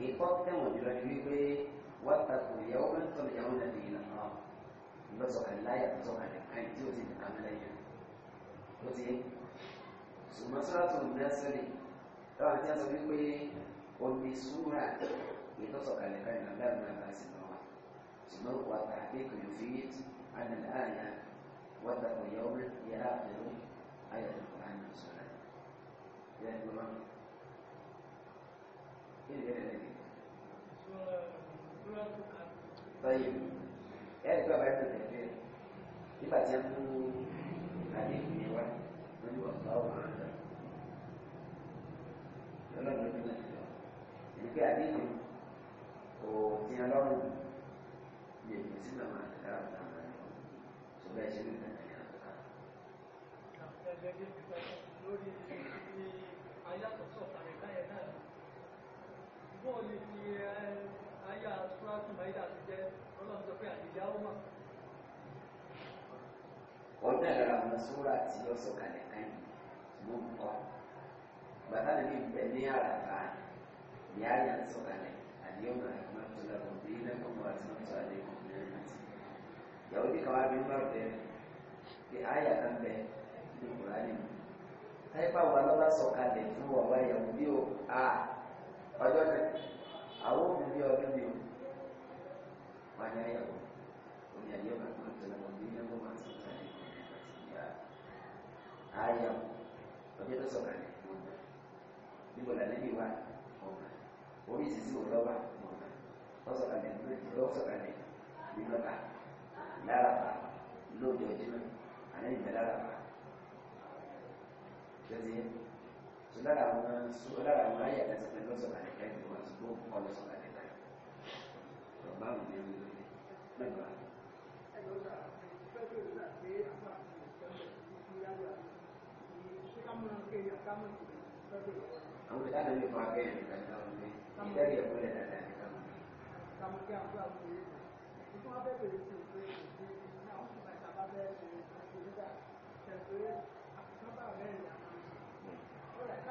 ìtọ́ tẹ̀wọ̀n jùlọ ni wípé wọ́n takò ìyàwó mẹ́tò ìyàwó náà lè yìn náà lọ́sọ̀kalẹ̀ láyà lọ́sọ̀kalẹ̀ kan tí ó ti dàgbà mẹ́lẹ́yìn ó ti ṣùgbọ́n sọ́dọ̀tò nẹ́sẹ̀lì táwọn tí a sọ wípé omi súra ìtọ́sọ̀kalẹ̀ kan náà láàrin náà bá sì lọ́wọ́ ṣùgbọ́n wà á pé báyìí ẹ̀rí bàbá ẹ̀kọ́ tẹ̀lé nígbà tí a mú àdéhùn yẹn wá lórí ọ̀pá ọ̀rọ̀ rẹ̀ lọ́lọ́dún ọdún náà lọ èyí pé àdéhùn kò ní ọlọ́run lè fi sí màmá àtàrà àtàrà rẹ̀ tó bẹ́ẹ̀ ṣe ní nàìjíríà tó ká. lórí ayé àtọ̀tọ̀ ọ̀tá rẹ̀ bọ́ọ̀ ni ti ayé àtúrásì maida ti jẹ́ ọlọ́run sọ pé àdìyá ó mọ̀. ọ̀dà ìlara àwọn sóra tí ó sọ̀kalẹ̀ kan ló ń kọ́ bàbá mi bẹ̀ ní àràbà ní ayé àtúrásì àdìyá máa tó lọ́kùn bí lẹ́kọ̀ọ́ àti mọ́tò àdéhùn ní ẹ̀rọ àti ìyàwó ah, ní káwá bí bá bẹ̀rẹ̀ pé ayé àkànbẹ̀ ní ọjọ́ kan àwọn òbí bí ọdún mi wà ní ayẹwo omi ayé bá tó ń tẹ̀lé wọn bí ẹgbẹ́ wọn ti sọ ní ìpínlẹ̀ àti ìyá ayẹwo ọjọ́ tó sọ̀rọ̀ ní ìlú ọ̀gá níbo làlẹ́ bí wà ọ̀gá orí ìsinsìn òun lọ́wọ́ ọ̀gá lọ́sọ̀rọ̀ ní ìlú lọ́sọ̀rọ̀ ní ìlú lọ́ba láraba lóòjọ́ jìnnà àlẹ́ ìgbẹ́ láraba lọ́sẹ̀ 现在我们，现在我们也来这边都是买点便宜的嘛，是不？不光是买点贵的，对吧？哎，老大，你这边是哪？你什么？你你那个？你资金的，资金的，这边有啊？们这边没有发票，你这边有没有？你这边有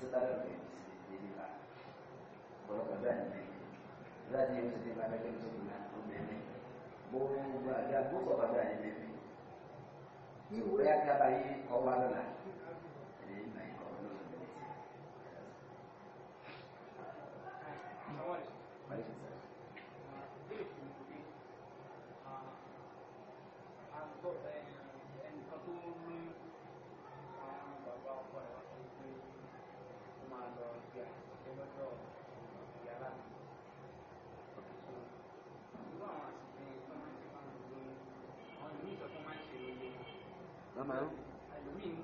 Setara Jadilah Kalau pada ini Ini ini lah lọ ibi àṣìṣe lọ́dọ̀ ìyára mi. Irú àwọn àṣìṣe tó máa ń ṣe máa ń lò lóyún. Àwọn ìlú ìjọ tó máa ń ṣe lóye. Lọ́mọ ẹ̀rọ. Àlùmí ń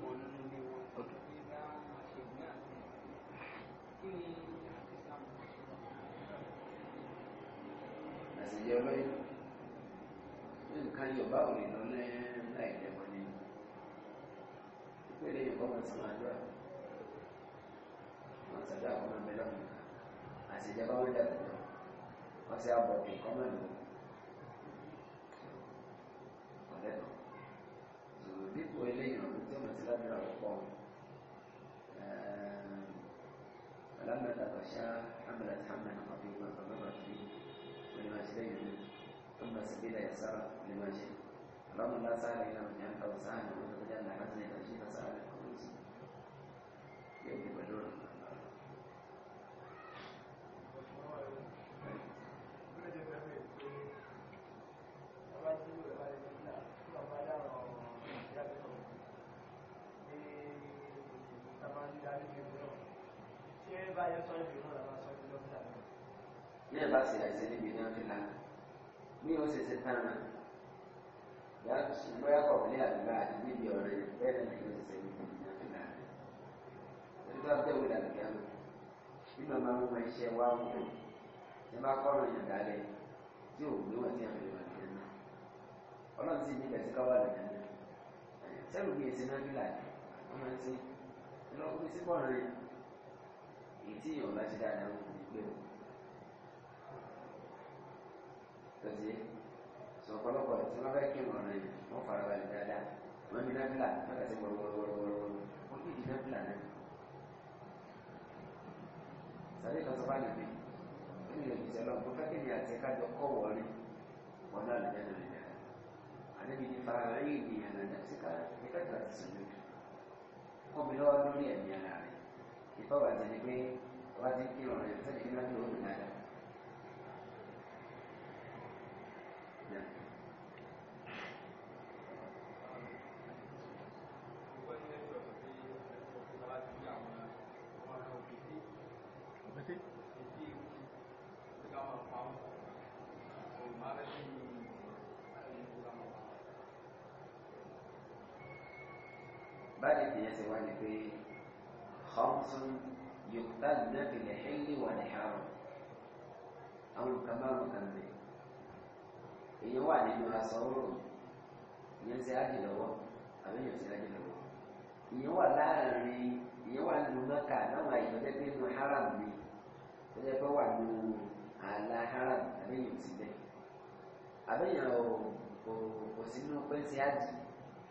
saja kamu bilang masih jawab kamu tidak masih apa pun kamu ada ada tu jadi boleh yang itu masih ada orang pun dalam mata bahasa hamil hamil apa pun apa pun berarti boleh masih ada yang pun masih tidak ya sara boleh masih kalau mana sahaja yang punya kalau sahaja untuk kerja nak kerja kerja sahaja kalau sih dia berdua ní ẹ̀ bá ṣe àìsí níbi náà fi la ní o ṣe ṣe tán náà yàtọ̀ sí bóyá kọ̀ọ̀lẹ́ àdúrà níbi ọ̀rẹ́ bẹ́ẹ̀ ni o ṣe ṣe níbi náà fi la torí bá bẹ́ẹ̀ wò dàbí àmì bí màmá mi máa ń ṣe wá wò bá kọ́ ọ̀rọ̀ yàn dálẹ̀ tí ò gbé wọn tí a fi wà náà ọlọ́run sì ní ìgbà tí káwá lọ́jà náà sẹ́lùmí èsì náà fi là wọ́n máa lọ bí tí wọ́n rí èyí tí yóò láti dáadáa wò ní pé tọ́jú sọ ọ̀pọ̀lọpọ̀ tí wọ́n fẹ́ kí wọ́n rí wọ́n fara balẹ̀ dáadáa wọ́n ní náfìlà wọ́n kà sí wọ́rọ́wọ́rọ́wọ́rọ́ wọ́n kì í di náfìlà náà sàbí kan tó bá nìbí nínú ìlú ìṣẹ̀lẹ̀ ọ̀pọ̀ fẹ́kẹ̀lì àti kájọ kọ́ wọlé wọn náà lè jẹ́ nàìjíríà àníbi ní fara rí ìgbìyànjú àti síkà ní kẹ́kẹ́ àti obìnrin wa lórí ẹ̀mí ara rẹ̀ ni pé wọ́n ti kírun rẹ̀ sẹ́yìn nígbà àdìsí yẹn ṣe wá ni pé khamsun yòókùtà nàbì lè xẹ́lì wà ní xarò àwọn nǹkan bá wọn kàn bẹ̀. èèyàn wà nínú aṣọ òrùn ìyẹn ṣe àjì lọ́wọ́ àbí èèyàn ṣe àjì lọ́wọ́. ìyẹn wà láàrin ìyẹn wà nínú mẹ́ka láwọn àyẹ̀wò tẹ́ pé nínú haram ni ó yẹ kó wà nínú àlà haram àbí èèyàn ti bẹ̀. àbí èèyàn ò ò ò sínú pé ṣe àjì.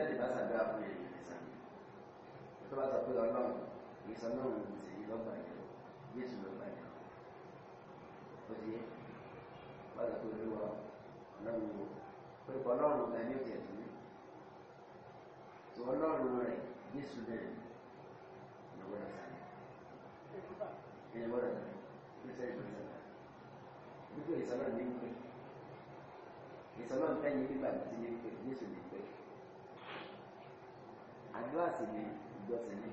sẹ́ẹ̀lì bá sàdúrà fún ẹ̀yìn tó bá sọ ọlọ́run kì náà ń sì yí lọ́gbà yẹn Jésù lọ́gbà yẹn ó ti bá sọ pé olúwa ọlọ́run wo pé ọlọ́run ga ní òkè ẹ̀dùn tó ọlọ́run rẹ̀ Jésù náà ló gbọ́dọ̀ sáré ẹ̀yẹ gbọ́dọ̀ sáré ní sẹ́ẹ̀lì bá sàdúrà nígbà ìsọlọ́run ní ní ń pè Jésù ń pè àdúrà sì ni ìjọsìn ni.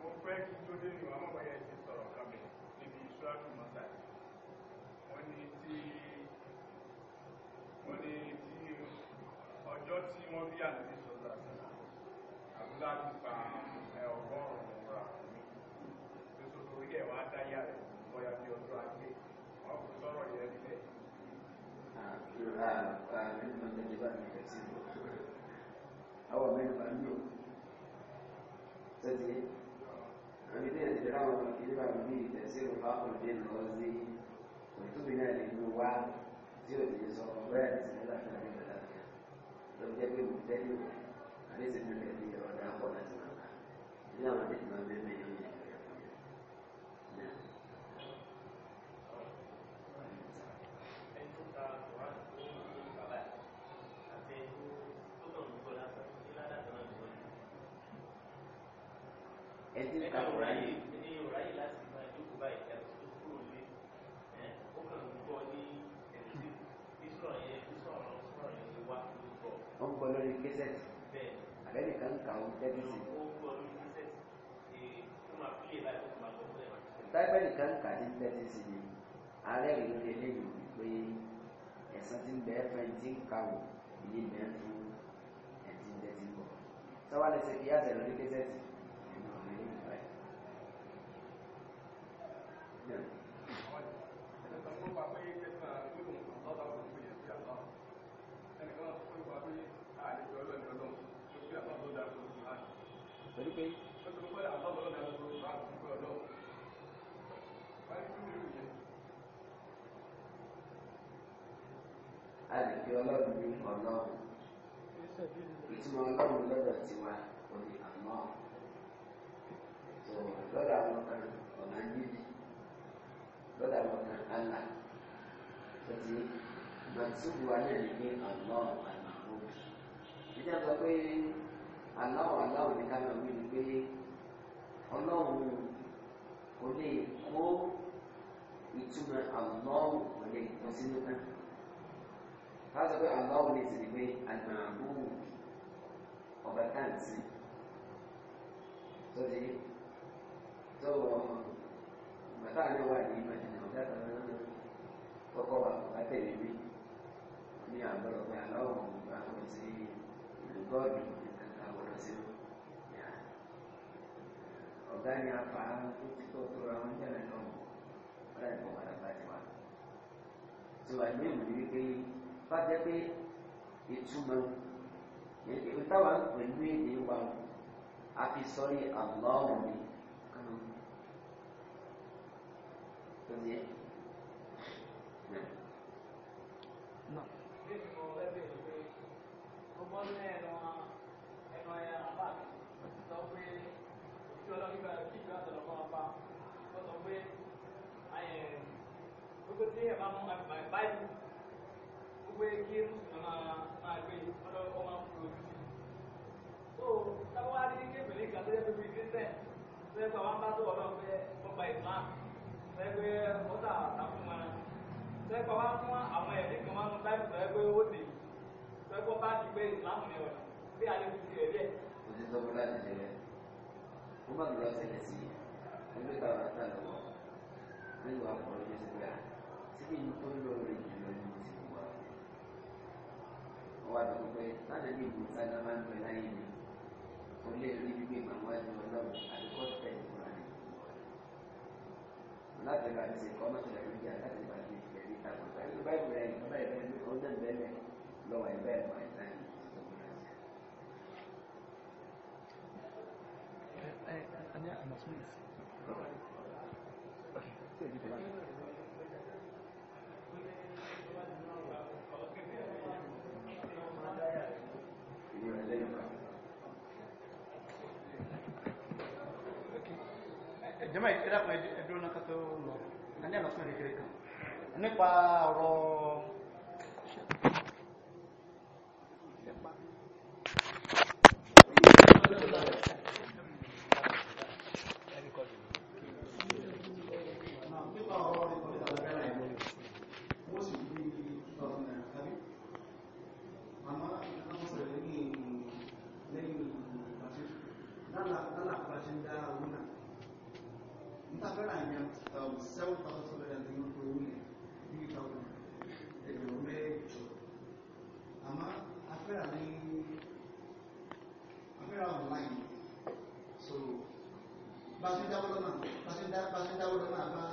mo fẹ́ kí tó dé ní àwọn ọmọ yẹn ti sọ̀rọ̀ kan mi níbi ìṣúrájú mọ́tà wọ́n ní tí wọ́n ní tí ọjọ́ tí wọ́n bí àlejò sọ̀rọ̀ àbúlá ti pa ọgọ́rùn-ún ọ̀rọ̀ àkùnrin tó sọ̀rọ̀ orílẹ̀ wa dáyà rẹ̀ bọ́yá bí ọjọ́ ajé wọ́n kò sọ̀rọ̀ yẹn nílẹ̀ mẹ́rin máa ń jẹ́ bá mi kẹ́ sí àwọn mẹ́rin máa ń lò tẹ́tí àmì ní ẹ̀jẹ̀ ráwọn ọmọ kìí bá mi ní ìtẹ̀sí ìlú fákùnrin lọ sí òtúbi náà lè mú wá tí ò ní sọ bẹ́ẹ̀ ní sinimá fún mi lọ́la ló jẹ́ pé mo tẹ́lẹ̀ àní sinimá lè ní ọ̀dà pọ̀ láti máa bá nínú àwọn àdéhùn máa bẹ́ẹ̀ mẹ́rin ta ò ráyè ẹni ò ráyè láti máa jókòó báyìí kí a tó kúrò lé ó kàn ń gbọ́ ní ẹ̀sìn bísọ̀ yẹn bísọ̀ ọ̀rọ̀ sọ̀rọ̀ yẹn lè wá ló gbọ́. ó ń gbọ́ lórí késẹ̀tì àbẹ́ nìkan kà ó tẹ́bí sí. ó ń gbọ́ lórí késẹ̀tì ó máa sọ́wọ́n lè ṣe kí á tẹ̀ lórí késẹ̀tì torí ọlọ́run ní ọlọ́run ìtumọ̀ ọlọ́run lọ́dọ̀ tiwa òní àmọ́ lọ́dọ̀ àwọn ọ̀nà yìí lọ́dà wọn kan àlà tètè màtúbù wa náà ní pé àlọ́ àlàó ìjà sọ pé àlọ́ àlọ́ òní ká máa wí ni pé ọlọ́run kò lè kó ìtumọ̀ àlọ́ bàtà náà wà ní ìmọ̀jìnà ọ̀gá kan náà kọ́kọ́ wa bàbá tẹ̀lé mi ní àgbọ̀rọ̀ pé aláwọ̀ àwọn ti ìlú gọ́ọ̀dù nìkan àwọn ọ̀sẹ̀ ọ̀gá ni a fa tó tó ra wọn jẹ́rẹ̀ náà ọ̀rẹ́ ìbọn padà bá ti wá. tí wàá ní ìlú wípé bá jẹ́ pé ìtumọ̀ ìtawà pẹ̀lú èdè wa a fi sọ́rí àlọ́ọ̀mù mi. ตรงนี้นะนะเรื่องความบ้าตัวเราเป็นคนไปมาก sẹ́gbẹ́ ọ̀tà àtàkùnmọ́ sẹ́gbẹ́ wa mú àwọn ẹ̀rí kan wá mú táìpù sẹ́gbẹ́ ó dè bá ti gbé ìsìlámù ní ọ̀nà bí a ti ẹ̀rí ẹ̀. kò sí sọ́kú láti ṣe ó má lọ sílẹ̀ sí i ló ta wàá tà lọ́wọ́ lórí wa kọ̀ lójú gbà tí kì í tó lórí ìjìnlẹ̀ ní ti wà. ọwọ́ àdúgbò pé láti ní ìgbésà náà máa ń gbẹ láyé mi kò lè rí gbígbé màmú àti láti bá ti kọ́ mọ́tò rẹ̀ níjà láti bá ti tẹ̀ ní àgbàgbà nínú báyìí rẹ̀ nínú báyìí rẹ̀ nínú ọdún bẹ́ẹ̀ lọ́wọ́ ẹ̀bẹ́ ẹ̀kọ́ ẹ̀dá Jemaah, kita apa? alẹ́ lọ́sùn kékeré kan nípa ọ̀rọ̀ tàbẹ́rà yẹn seven thousand naira ní ọkọ̀ owó yẹn three thousand ẹgbẹ̀rún mẹ́jọ àmọ́ afẹ́rà ní afẹ́rà online so bá ti dáwọ́ lọ́nà bá ti dáwọ́ lọ́nà